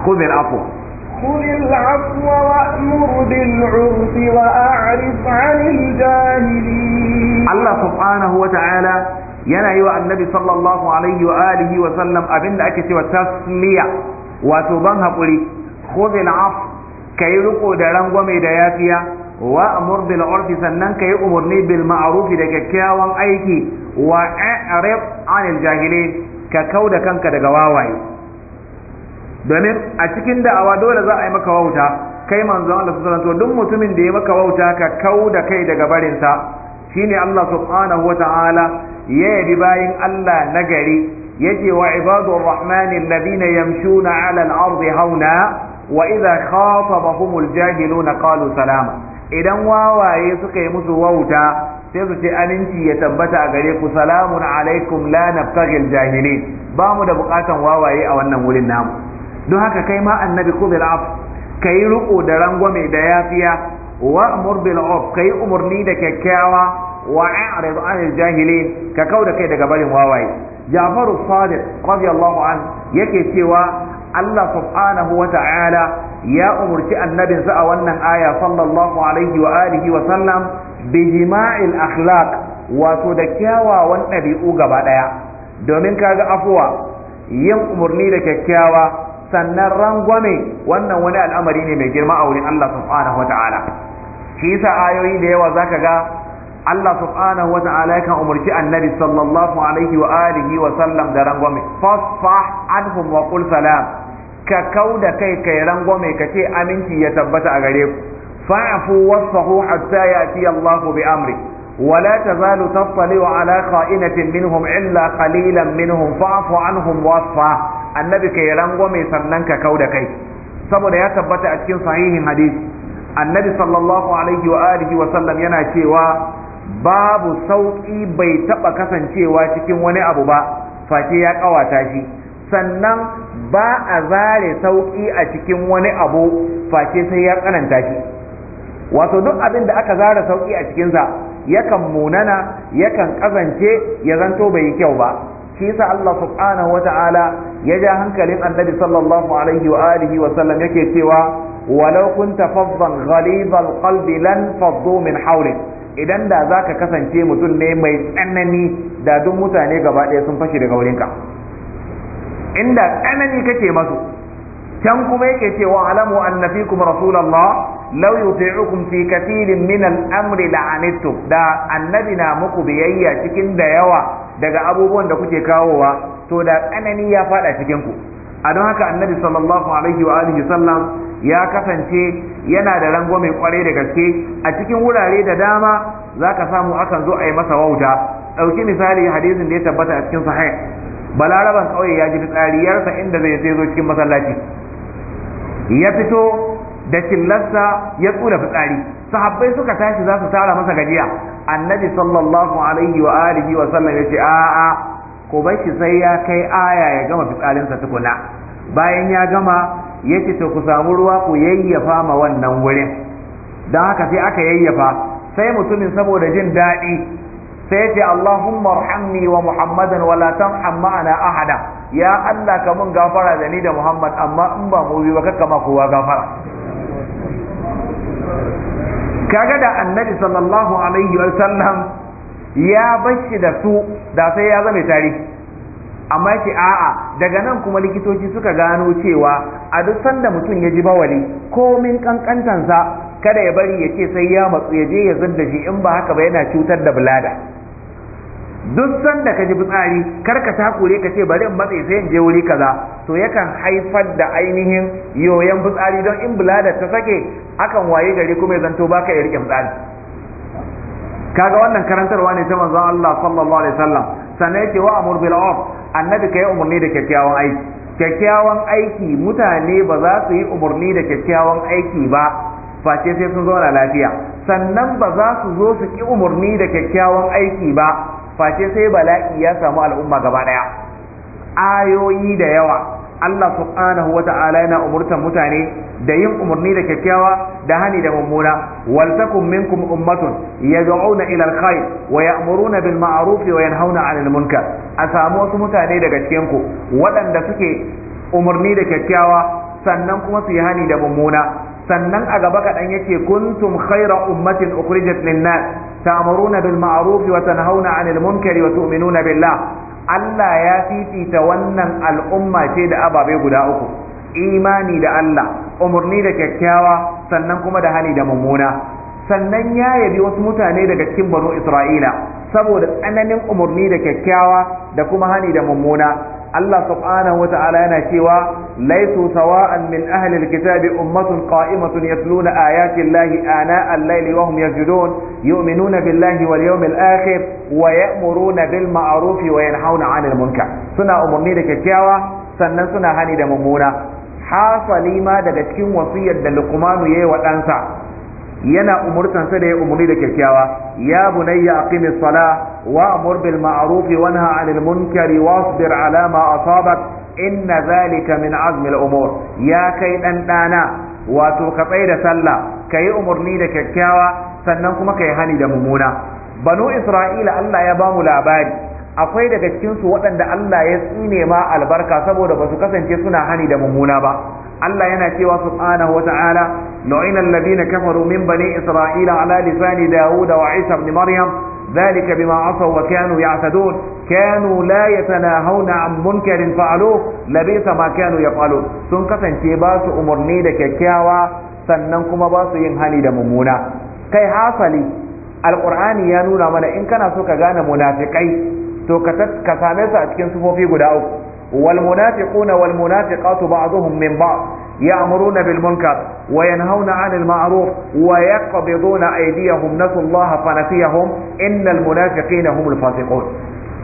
khudhil afwa khudhil afwa wa'mur bil 'urfi wa a'rif 'anil Allah subhanahu wa ta'ala yana yi wa annabi sallallahu alaihi wa alihi wa sallam abinda ake cewa tasliya wato ban hakuri khudhil af kai riko da rangwame da yafiya wa amur bil urfi sannan kai umurni bil ma'ruf da kyakkyawan aiki wa a'rif anil jahilin ka kauda kanka daga wawaye domin a cikin da'awa dole za a yi maka wauta kai manzon Allah sallallahu alaihi duk mutumin da ya maka wauta ka kauda kai daga barin sa shine Allah subhanahu wa ta'ala ya yabi bayin Allah nagari yace wa ibadur rahmani alladhina yamshuna 'ala al-ardi hauna wa idha khatabahumul jahiluna qalu salama idan wawaye suka yi musu wauta sai su ce aminci ya tabbata a gare ku salamun alaikum la nabtaghil jahilin ba mu da bukatan wawaye a wannan wurin namu don haka kai ma annabi ku bil af kai riko da rangwame da yafiya wa amur bil af kai umurni da kyakkyawa wa a'rid anil jahilin ka kauda kai daga barin wawaye Jafaru Sadiq radiyallahu an yake cewa Allah subhanahu wa ya umurci annabinsa a wannan aya sallallahu alaihi wa alihi wa sallam bi jima'il akhlaq wato da kyawawan ɗabi'u gaba ɗaya domin kaga afuwa yin umarni da kyakkyawa sannan rangwame wannan wani al'amari ne mai girma a wurin Allah subhanahu wa ta'ala shi yasa ayoyi da yawa zaka ga Allah subhanahu wa ta'ala yakan umarci annabi sallallahu alaihi wa alihi wa sallam da rangwame fasfah anhum wa qul salam ka kau da kai kai rangwame ka ce aminci ya tabbata a gare ku fa'fu wasfahu hatta yati Allah bi amri ولا تزال تطلع على خائنة منهم إلا قليلا منهم فاعف عنهم واصفا النبي كي رنغو مي سنن كودا kai. saboda ya tabbata a cikin sahihin hadisi annabi sallallahu alaihi wa alihi wa sallam yana cewa babu sauki bai taba kasancewa cikin wani abu ba face ya kawata shi sannan ba a zare sauƙi a cikin wani abu face sai ya tsananta shi wato duk abin da aka zare sauƙi a cikinsa yakan munana yakan ƙazance ya zanto bai yi kyau ba shi yasa Allah subhanahu wata'ala ya ja hankalin annabi sallallahu alaihi wa alihi wa sallam yake cewa walau kunta faddan ghalidhal qalbi lan faddu min hawlik idan da zaka kasance mutum ne mai tsanani da duk mutane gaba ɗaya sun fashe daga wurinka inda tsanani kake masu can kuma yake cewa alamu anna fikum rasulullah law yuti'ukum fi kathirin min al-amri la'anittu da annabi na muku biyayya cikin da yawa daga abubuwan da kuke kawowa to da tsanani ya fada cikin ku a don haka annabi sallallahu alaihi wa alihi sallam ya kasance yana da rangwame kwarai da gaske a cikin wurare da dama zaka samu akan zo a yi masa wauta dauki misali hadisin da ya tabbata a cikin sahih balaraban kauye ya ji fitsariyarsa inda zai sai zo cikin masallaci ya fito da cillarsa ya tsura fitsari sahabbai suka tashi za su tara masa gajiya annabi sallallahu alaihi wa alihi wa sallam ya ce a'a ko shi sai ya kai aya ya gama fitsarinsa tukuna bayan ya gama ya ce to ku samu ruwa ku yayyafa ma wannan wurin don haka sai aka yayyafa sai mutumin saboda jin daɗi sai ce Allahumma arhamni wa Muhammadan wala tarham ma'ana ahada ya Allah ka mun gafara da ni da Muhammad amma in ba mu bi ba kakka ma kowa gafara kaga da annabi sallallahu alaihi wa sallam ya bashi da su da sai ya zame tarihi amma yake a'a daga nan kuma likitoci suka gano cewa a duk sanda mutum ya ji bawali komin kankantansa kada ya bari ya ce sai ya matsu ya je ya zanda shi in ba haka ba yana cutar da bulada duk sanda ka ji fitsari kar ka takure ka ce bari in matse sai in je wuri kaza to yakan haifar da ainihin yoyon fitsari don in buladar ta sake akan waye gari kuma ya zanto baka ya rike fitsari kaga wannan karantarwa ne ta manzon Allah sallallahu alaihi wasallam sannan yake wa amur bil urf annabi kai umurni da kyakkyawan aiki kyakkyawan aiki mutane ba za su yi umurni da kyakkyawan aiki ba face sai sun zauna lafiya sannan ba za su zo su ki umurni da kyakkyawan aiki ba face sai bala'i ya samu al'umma gaba daya ayoyi da yawa Allah subhanahu wa ta'ala yana umurtan mutane da yin umarni da kyakkyawa da hani da mummuna wal takum minkum ummatun yad'una ila alkhair wa ya'muruna bil ma'ruf wa yanhauna 'anil munkar a samu wasu mutane daga cikin ku waɗanda suke umarni da kyakkyawa sannan kuma su yi hani da mummuna sannan a gaba kaɗan yake kuntum khaira ummatin ukhrijat lin nas ta'muruna bil ma'ruf wa tanhauna 'anil wasu wa tu'minuna billah Allah ya fifita wannan al'umma ce da ababe guda uku imani da Allah umarni da kyakkyawa sannan kuma da hani da mummuna sannan ya yabi wasu mutane daga cikin Isra'ila saboda tsananin umarni da kyakkyawa da kuma hani da mummuna Allah subhanahu wata'ala yana cewa laisu sawa'an min ahli alkitabi ummatun qa'imatun yatluna ayati llahi ana al-layli wa hum yasjudun yu'minuna billahi wal yawmil akhir wa ya'muruna bil ma'ruf wa yanhauna 'anil munkar suna umurni da kyakkyawa sannan suna hani da mummuna hasali ma daga cikin wasiyar da Luqmanu yayi wa ɗansa yana umurtan sa da ya umurni da kyakkyawa ya bunayya aqimis sala wa amur bil ma'ruf wa nahy 'anil munkari wasbir 'ala ma asabak inna zalika min azmi al umur ya kai dan dana wato ka tsaya da sallah kai umurni da kyakkyawa sannan kuma kai hani da mumuna banu isra'ila Allah ya bamu labari akwai daga cikin su waɗanda Allah ya tsine ma albarka saboda ba su kasance suna hani da mummuna ba Allah yana cewa subhanahu wa ta'ala lu'ina alladhina kafaru min bani isra'ila ala lisani daud wa isa ibn maryam ذلك بما عصوا وكانوا يعتدون كانوا لا يتناهون عن منكر فعلوه Labisa, ما كانوا sun kasance ba su umarni da kyakkyawa sannan kuma ba su yin hani da mummuna kai hasali alqur'ani ya nuna mana in kana so ka gane munafikai to ka same su a cikin sufofi guda uku والمنافقون والمنافقات بعضهم من بعض يأمرون بالمنكر وينهون عن المعروف ويقبضون أيديهم نسوا الله فنسيهم إن المنافقين هم الفاسقون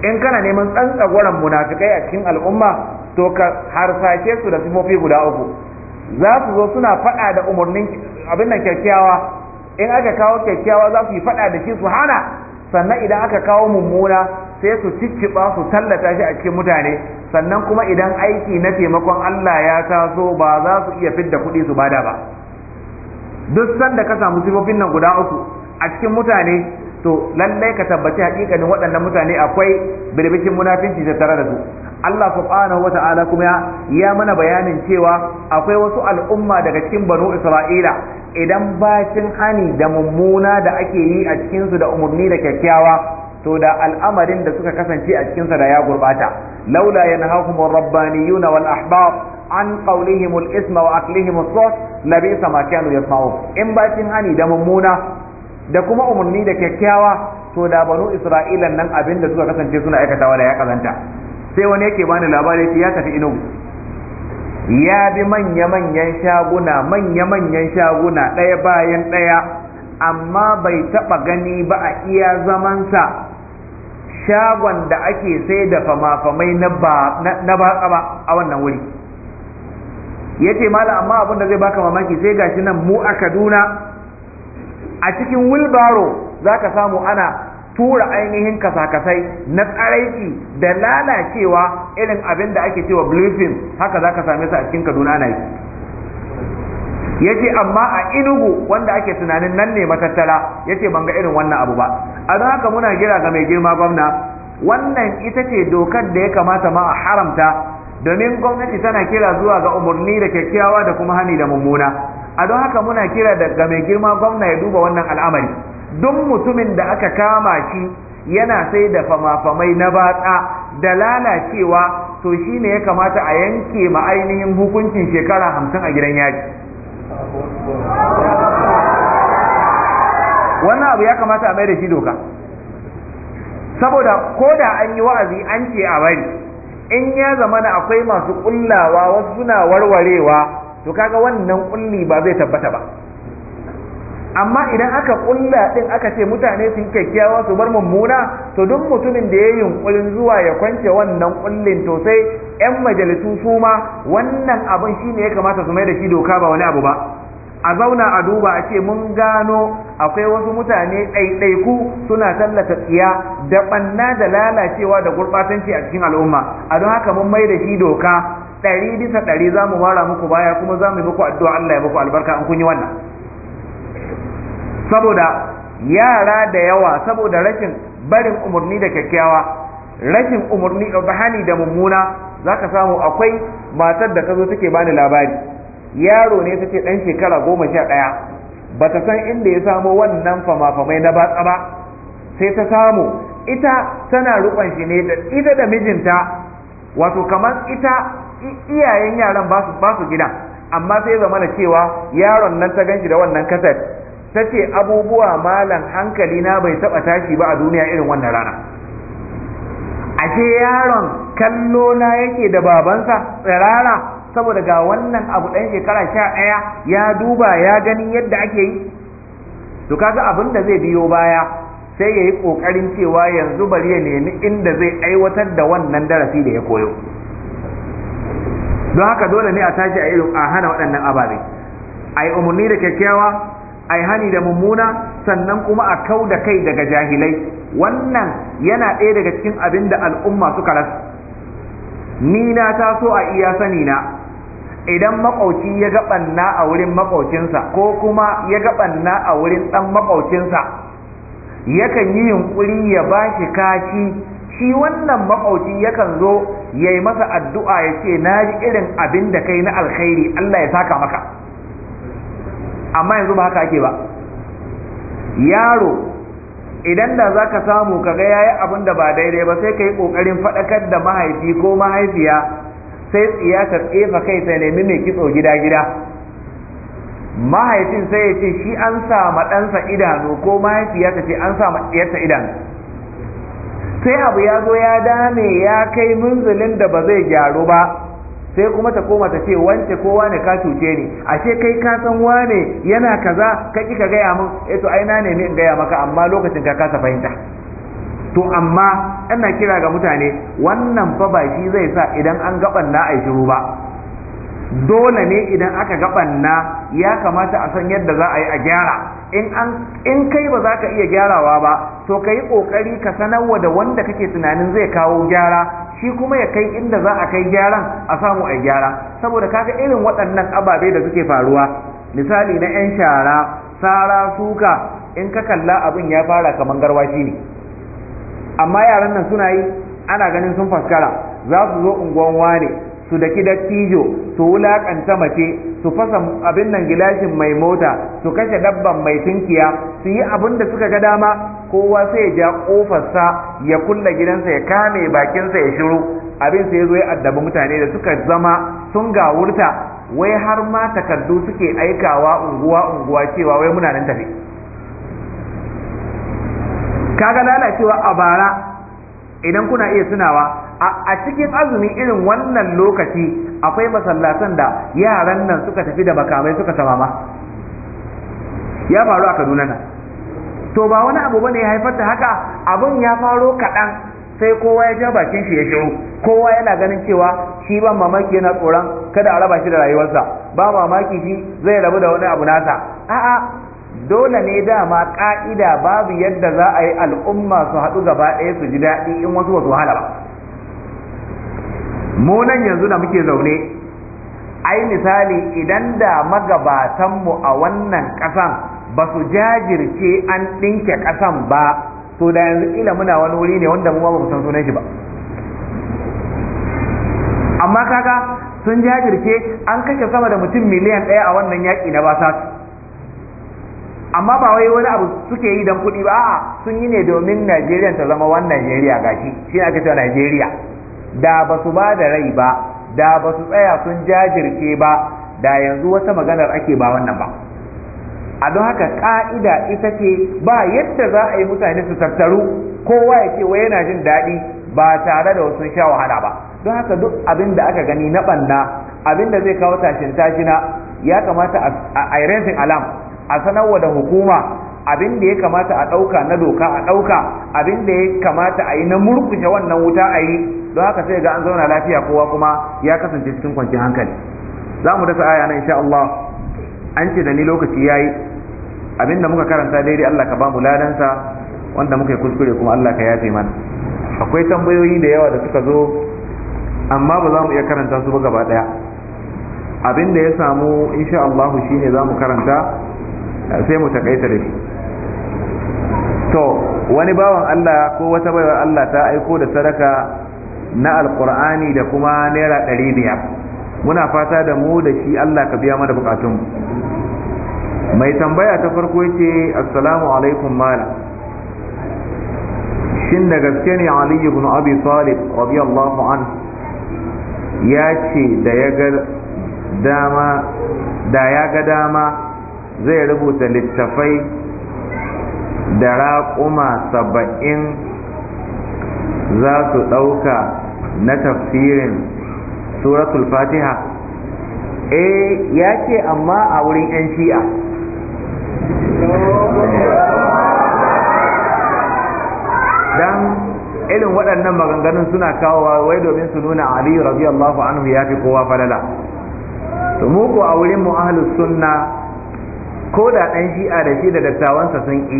in kana neman tsantsagoran munafikai a cikin al'umma to ka harsashe su da sifofi guda uku za su zo suna faɗa da umarnin abin nan kyakkyawa in aka kawo kyakkyawa za su yi faɗa da shi su hana sannan idan aka kawo mummuna sai su cicciɓa su tallata shi a cikin mutane sannan kuma idan aiki na taimakon Allah ya taso ba za su iya fidda kuɗi su bada ba duk sanda ka samu sifofin nan guda uku a cikin mutane to lallai ka tabbaci hakikanin waɗannan mutane akwai birbikin munafinci tare da su Allah subhanahu wa ta'ala kuma ya mana bayanin cewa akwai wasu al'umma daga cikin banu Isra'ila idan bacin hani da mummuna da ake yi a cikinsu da umarni da kyakkyawa to da al'amarin da suka kasance a cikinsa da ya gurbata laula yanhahum ar-rabbaniyun wal ahbab an qawlihim al-isma wa aklihim as-sut labisa ma kanu yasma'un in bacin hani da mummuna da kuma umarni da kyakkyawa to da banu isra'ilan nan abin da suka kasance suna aikatawa da ya kazanta sai wani yake bani labari ya tafi inugu ya bi manya-manyan shaguna manya-manyan shaguna ɗaya bayan ɗaya amma bai taɓa gani ba a iya zamansa shagon da ake sai da fama-famai na batsa ba a wannan wuri ya ce mala amma abin da zai baka mamaki sai gashi nan mu a kaduna a cikin wilbaro za ka samu ana tura ainihin kasakasai na tsaraiki da lalacewa irin abin da ake cewa bluefin haka za ka same su a cikin kaduna na yi Ya ce amma a inugu wanda ake tunanin nan ne matattala ce ban ga irin wannan abu ba a don haka muna gira ga mai girma gwamna wannan ita ce dokar da ya kamata ma a haramta domin gwamnati tana kira zuwa ga umarni da kyakkyawa da kuma hani da mummuna a don haka muna kira da ga mai girma gwamna ya duba wannan al'amari duk mutumin da aka kama shi yana sai da fama-famai na batsa da lalacewa to shine ya kamata a yanke ma ainihin hukuncin shekara hamsin a gidan yaji wannan abu ya kamata a mai da shi doka saboda ko da an yi wa'azi an ce a bari in ya zama na akwai masu kullawa wasu suna warwarewa to kaga wannan kulli ba zai tabbata ba amma idan aka kulla din aka ce mutane sun yi kyakkyawa su bar mummuna to duk mutumin da ya yi yunkurin zuwa ya kwance wannan kullin to sai 'yan majalisu su ma wannan abin shine ya kamata su mai da shi doka ba wani abu ba a zauna a duba a ce mun gano akwai wasu mutane ɗaiɗaiku suna tallata tsiya da ɓanna da lalacewa da gurɓatanci a cikin al'umma a don haka mun mai da shi doka ɗari bisa ɗari za mu mara muku baya kuma za mu yi muku addu'a Allah ya muku albarka an kun yi wannan saboda yara da yawa saboda rashin barin umarni da kyakkyawa rashin umarni da da mummuna za ka samu akwai matar da ta zo take bani labari yaro ne ta ce ɗan shekara goma sha ɗaya ba ta san inda ya samo wannan fama-famai na batsa ba sai ta samu ita tana rukun shi ne da ita da mijinta wato kamar ita iyayen yaran ba su gida, amma sai zama da cewa yaron nan ta ganshi da wannan kasar ta ce abubuwa malam hankali na bai taɓa tashi ba a duniya irin wannan rana ashe yaron kallo na yake da babansa tsirara saboda ga wannan abu ɗan shekara sha ɗaya ya duba ya gani yadda ake yi to kaga abin da zai biyo baya sai ya yi ƙoƙarin cewa yanzu bari ya nemi inda zai aiwatar da wannan darasi da ya koyo don haka dole ne a tashi a irin a hana waɗannan ababe a yi umarni da kyakkyawa a yi hani da mummuna sannan kuma a kau da kai daga jahilai wannan yana ɗaya daga cikin abin da al'umma suka rasa ni na taso a iya sani na idan makauci ya ga banna a wurin makaucinsa ko kuma ya ga banna a wurin dan makaucinsa yakan yi yunkuri ya ba shi kaci shi wannan makauci yakan zo ya yi masa addu'a ya ce na ji irin abin da kai na alkhairi Allah ya saka maka amma yanzu ba haka ake ba yaro idan da za ka samu kaga ya yi abin da ba daidai ba sai ka yi ƙoƙarin faɗakar da mahaifi ko mahaifiya sai tsiya ta tsefa kai sai nemi mai kitso gida gida mahaifin sai ya ce shi an sa ɗansa idanu ko mahaifiya ta ce an sa ma idanu sai abu ya zo ya dame ya kai munzulin da ba zai gyaru ba sai kuma ta koma ta ce wance kowa ne ka cuce ni ashe kai ka san wane yana kaza ka ki ka gaya min eto eh aina ne na in gaya maka amma lokacin ka kasa fahimta to amma ina kira ga mutane wannan fa ba shi zai sa idan an na a shiru ba dole ne idan aka na ya kamata a san yadda za a yi a gyara in in kai ba za ka iya gyarawa ba to ka yi ƙoƙari ka sanarwa da wanda kake tunanin zai kawo gyara shi kuma ya kai inda za a kai gyaran a samu a gyara saboda kaga irin waɗannan ababe da suke faruwa misali na 'yan shara sara suka in ka kalla abin ya fara kamar garwashi ne amma yaran nan suna yi ana ganin sun faskara za su zo unguwan wane su daki dattijo su wulakanta mace su fasa abin nan gilashin mai mota su kashe dabban mai tunkiya su yi abin da suka ga dama kowa sai ya ja kofarsa ya kulla gidansa ya kame bakinsa ya shiru abin sai ya zo ya addabi mutane da suka zama sun gawurta wai har ma takardu suke aikawa unguwa unguwa cewa wai muna nan tafi kaga lalacewa a bara idan kuna iya tunawa a cikin azumi irin wannan lokaci akwai masallatan da yaran nan suka tafi da makamai suka samama ya faru a kaduna nan to ba wani abu bane ya haifar da haka abun ya faro kaɗan sai kowa ya ja bakin shi ya shiru kowa yana ganin cewa shi ban mamaki yana tsoron kada a raba shi da rayuwarsa ba mamaki shi zai rabu da wani abu nasa a'a dole ne dama ka'ida babu yadda za a yi al'umma su haɗu gaba ɗaya su ji daɗi in wasu wasu wahala ba mu nan yanzu da muke zaune ai misali idan da magabatanmu a wannan ƙasan ba su jajirce an ɗinke ƙasan ba to da yanzu ila muna wani wuri ne wanda mu ba mu san sunan shi ba amma kaga sun jajirce an kashe sama da mutum miliyan ɗaya a wannan yaƙi na basa amma ba wai wani abu suke yi don kuɗi ba a'a sun yi ne domin Najeriya ta zama wannan Najeriya gashi shi aka cewa Najeriya da ba su ba da rai ba da ba su tsaya sun jajirce ba da yanzu wata maganar ake ba wannan ba a don haka ka'ida ita ce ba yadda za a yi mutane su tattaru kowa ya ce wai yana jin daɗi ba tare da wasu sha wahala ba don haka duk abin da aka gani na ɓanna abin da zai kawo tashin tashina ya kamata a rentin alam a sanarwa da hukuma abin da ya kamata a ɗauka na doka a ɗauka abin da ya kamata a yi na murkushe wannan wuta a yi don haka sai ga an zauna lafiya kowa kuma ya kasance cikin kwanci hankali za mu dasa aya na insha Allah an ce da ni lokaci ya yi abin da muka karanta daidai Allah ka ba mu ladansa wanda muka yi kuskure kuma Allah ka yafe mana akwai tambayoyi da yawa da suka zo amma ba za mu iya karanta su ba gaba daya abin da ya samu insha Allah shine za mu karanta sai mu takaita da shi to wani bawan Allah ko wata baiwar Allah ta aiko da sadaka na alkur'ani da kuma naira ɗari biyar muna fata da mu da shi Allah ka biya mana bukatun mai tambaya ta farko yace assalamu alaikum mala shin da gaske ne Ali ibn Abi Talib radiyallahu an ya ce da ya ga dama da ya ga dama zai rubuta littafai da raƙuma saba'in za su ɗauka na tafsirin suratul fatiha eh ya ce amma a wurin 'yan shi'a dan irin waɗannan maganganun suna kawowa wai domin su nuna Aliyu radiyallahu anhu ya fi kowa falala mu ko a wurin mu ahlus sunna ko da ɗan shi'a da shi da dattawansa sun ƙi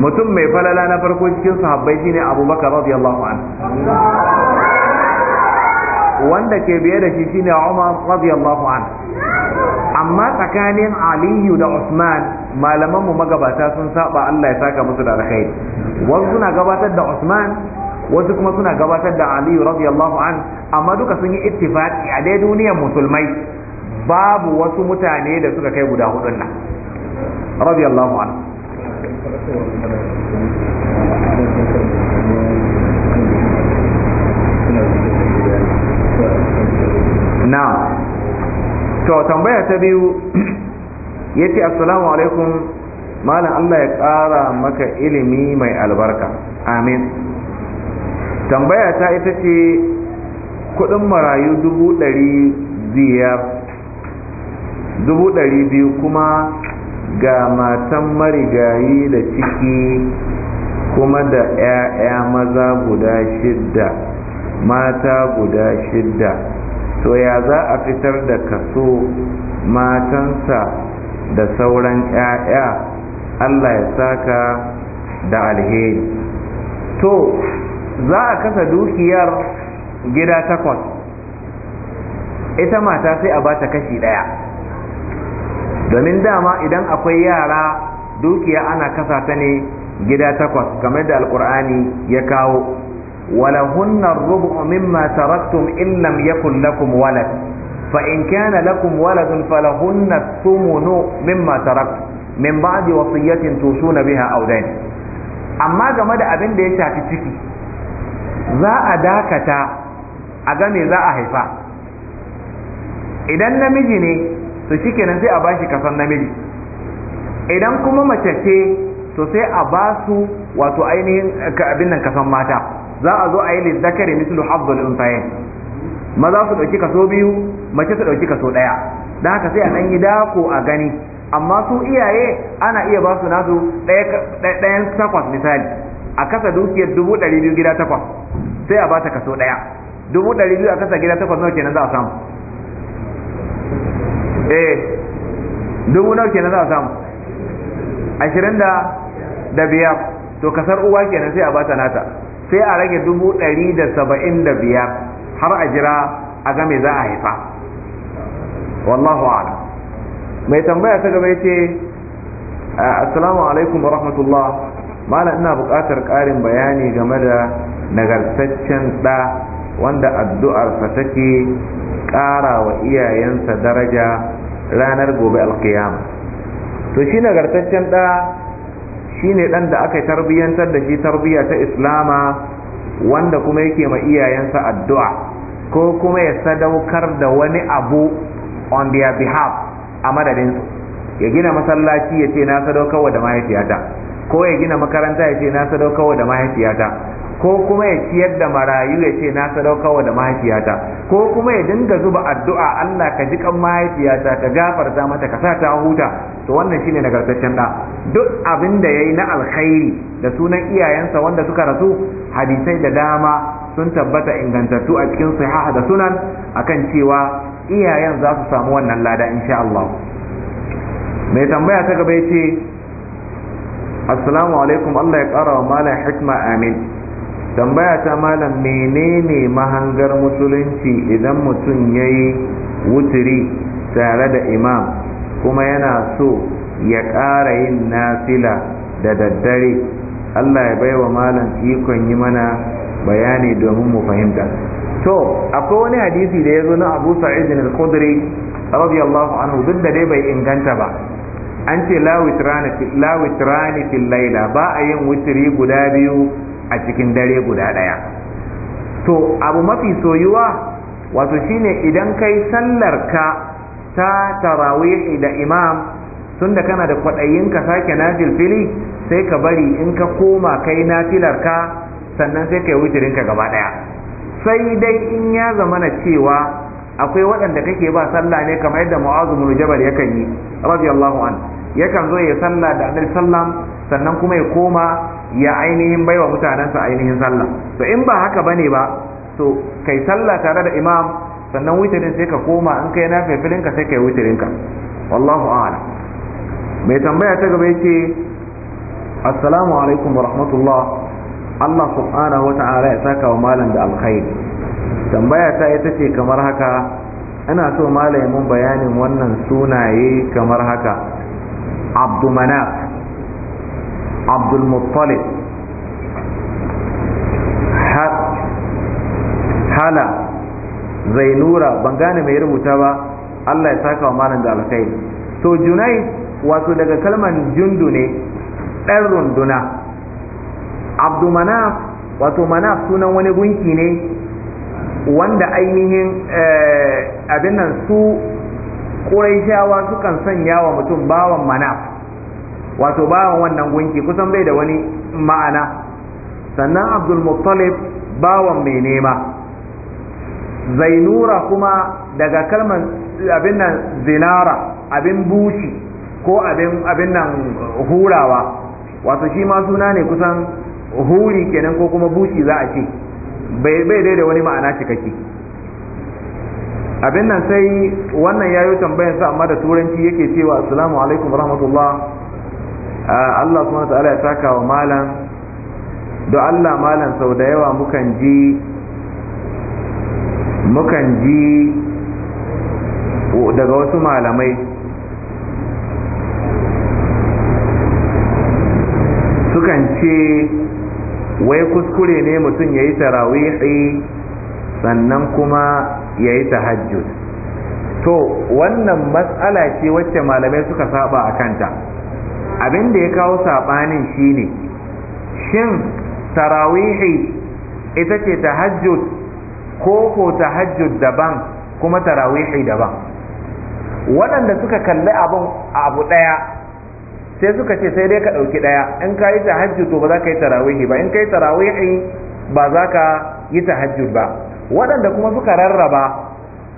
mutum mai falala na farko cikin sahabbai shine abubakar radiyallahu an wanda ke biye da shi shine umar radiyallahu an amma tsakanin aliyu da usman malaman mu magabata sun saba allah ya saka musu da alkhairi wasu suna gabatar da usman wasu kuma suna gabatar da aliyu radiyallahu an amma duka sun yi ittifaqi a dai duniyar musulmai babu wasu mutane da suka kai guda hudun nan radiyallahu anhu na to tambaya ta biyu ya ce assalamu alaikum malam Allah ya ƙara maka ilimi mai albarka amin tambaya ta ita ce kudin marayu dubu ɗari ziyar dubu ɗari biyu kuma ga matan marigayi da ciki kuma da 'ya'ya maza guda shidda mata guda shidda to ya za a fitar da kaso matansa da sauran 'ya'ya allah ya saka da alheri to za a kasa dukiyar gida takwas ita mata sai a bata kashi ɗaya domin dama idan akwai yara dukiya ana kasa ta ne gida takwas kamar da alkur'ani ya kawo ولهن الربع مما تركتم إن لم يكن لكم ولد فإن كان لكم ولد فلهن الثمن مما تركتم من بعد وصية توصون بها أو دين amma game da abin da ya shafi ciki za a dakata a game za a haifa idan namiji ne to shikenan sai a bashi kasan namiji idan kuma mace ce to sai a ba su wato ainihin abin nan kasan mata za a zo a yi lizzakari mislu hafzul unsayin maza su ɗauki kaso biyu mace su ɗauki kaso ɗaya da haka sai a ɗan yi dako a gani amma su iyaye ana iya ba su nasu ɗayan takwas misali a kasa dukiyar dubu ɗari biyu gida takwas sai a ba ta kaso ɗaya dubu ɗari biyu a kasa gida takwas nawa kenan za a samu eh dubu nawa kenan za a samu ashirin da da biyar to kasar uwa kenan sai a bata nata sai a rage dubu ɗari da saba'in da biyar har a jira a ga me za a haifa wallahu a'lam mai tambaya ta gaba yace assalamu alaikum wa rahmatullah malam ina buƙatar ƙarin bayani game da nagartaccen ɗa wanda addu'arsa take ƙara wa iyayensa daraja ranar gobe alkiyama to shi nagartaccen ɗa shi ne ɗan da aka tarbiyyantar da shi tarbiyya ta islama wanda kuma yake ma iyayensa addu'a ko kuma ya sadaukar da wani abu on their behalf a madadinsu ya gina masallaci ya ce na sadaukarwa da mahaifiyata ko ya gina makaranta ya ce na sadaukarwa da mahaifiyata ko kuma ya ciyar da marayu ya ce na wa da mahaifiyata ko kuma ya dinga zuba addu'a Allah ka ji kan mahaifiyata ka gafarta mata ka sa ta huta to wannan shine nagartaccen da duk abin da yayi na alkhairi da sunan iyayensa wanda suka rasu hadisai da dama sun tabbata ingantattu a cikin sahiha da sunan akan cewa iyayen za su samu wannan lada insha Allah mai tambaya ta gaba yace assalamu alaikum Allah ya kara wa mala hikma amin tambaya ta malam menene mahangar musulunci idan mutum ya yi wuturi tare da imam kuma yana so ya ƙara yin nafila da daddare allah ya bai wa malam ikon yi mana bayani domin mu fahimta to akwai wani hadisi da ya zo na abu sa'id al-khudri radiyallahu anhu duk da dai bai inganta ba an ce la witrani fil laila ba a yin witri guda biyu a cikin dare guda ɗaya to abu mafi soyuwa wato shine idan kai sallar ka ta tarawih da imam tunda kana da kwaɗayin ka sake nafil fili sai ka bari in ka koma kai nafilar ka sannan sai kai wutirin ka gaba ɗaya sai dai in ya zama cewa akwai waɗanda kake ba sallah ne kamar yadda mu'azu bin jabal yakan yi radiyallahu an yakan zo ya sallah da annabi sallam sannan kuma ya koma ya ainihin baiwa mutanensa ainihin sallah to in ba haka bane ba to kai sallah tare da imam sannan witirin sai ka koma in kai nafilin ka sai kai witirin ka wallahu a'lam mai tambaya ta gaba yace assalamu alaikum wa rahmatullah Allah subhanahu wa ta'ala ya saka wa malam da alkhairi tambaya ta ita ce kamar haka ina so malamin bayanin wannan sunaye kamar haka abdumanaf عبد المطلب hala zainura ban gane mai rubuta ba Allah ya saka wa malam da alkai to junai wato daga kalman jundu ne ɗan runduna abdumanaf wato manaf sunan wani gunki ne wanda ainihin eh, abin nan su ƙuraishawa sukan sanya wa mutum bawan manaf wato bawan wannan gunki kusan bai da wani ma'ana sannan abdul muttalib bawan mai nema zainura kuma daga kalmar abin nan zinara abin buci ko abin abin nan hurawa wato shi ma suna ne kusan huri kenan ko kuma buci za a ce bai dai da wani ma'ana cikakke abin nan sai wannan yayo tambayar sa amma da turanci yake cewa assalamu alaikum rahmatullah Ah, Allah subhanahu ta'ala ya saka wa malam do Allah malam sau da yawa mukan ji mukan ji daga wasu malamai sukan ce wai kuskure ne mutum ya yi tarawihi sannan kuma ya yi tahajjud to wannan matsala ce wacce malamai suka saba a kanta abin da ya kawo saɓanin shine shin tarawihi ita ce tahajjud ko ko tahajjud daban kuma tarawihi daban waɗanda suka kalli abin abu ɗaya sai suka ce sai dai ka ɗauki ɗaya in ka yi tahajjud to ba za ka yi tarawihi ba in ka yi tarawihi ba za ka yi tahajjud ba waɗanda kuma suka rarraba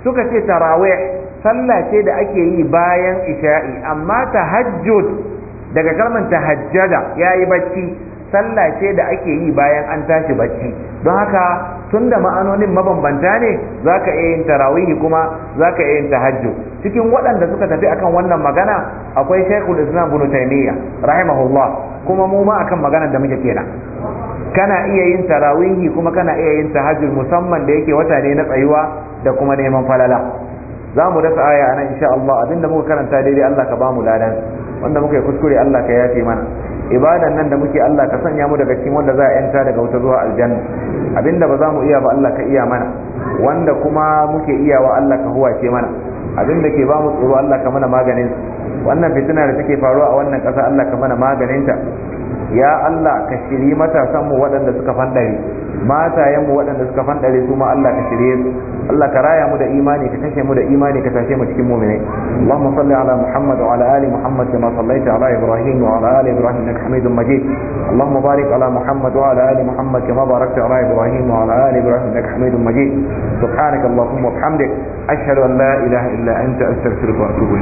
suka ce tarawih sallah ce da ake yi bayan isha'i amma tahajjud daga kalmar tahajjada yi bacci sallah ce da ake yi bayan an tashi bacci don haka tun da ma'anonin mabambanta ne za ka iya yin tarawihi kuma za ka iya yin tahajju cikin waɗanda suka tafi akan wannan magana akwai shaikhul islam bin taymiya rahimahullah kuma mu ma akan magana da muke kenan kana iya yin tarawihi kuma kana iya yin tahajjud musamman da yake wata ne na tsayuwa da kuma neman falala za mu dasa aya nan insha Allah abinda muka karanta daidai Allah ka bamu ladan wanda muka yi kuskure Allah ka yafe mana ibadan nan da muke Allah ka sanya mu daga cikin wanda za a yanta daga wuta zuwa aljanna abinda ba za mu iya ba Allah ka iya mana wanda kuma muke iya wa Allah ka huwace mana abinda ke ba mu tsoro Allah ka mana maganin wannan fitina da take faruwa a wannan kasa Allah ka mana maganinta ya Allah ka shiri matasan mu waɗanda suka fandare matayen mu waɗanda suka fandare su ma Allah ka shirye su Allah ka raya mu da imani ka kashe mu da imani ka tashe mu cikin mu'mini Allahumma salli ala Muhammad wa ala ali Muhammad kama sallaita ala Ibrahim wa ala ali Ibrahim innaka Hamidum Majid Allahumma barik ala Muhammad wa ala ali Muhammad kama barakta ala Ibrahim wa ala ali Ibrahim innaka Hamidum Majid subhanaka Allahumma wa bihamdik ashhadu an la ilaha illa anta astaghfiruka wa atubu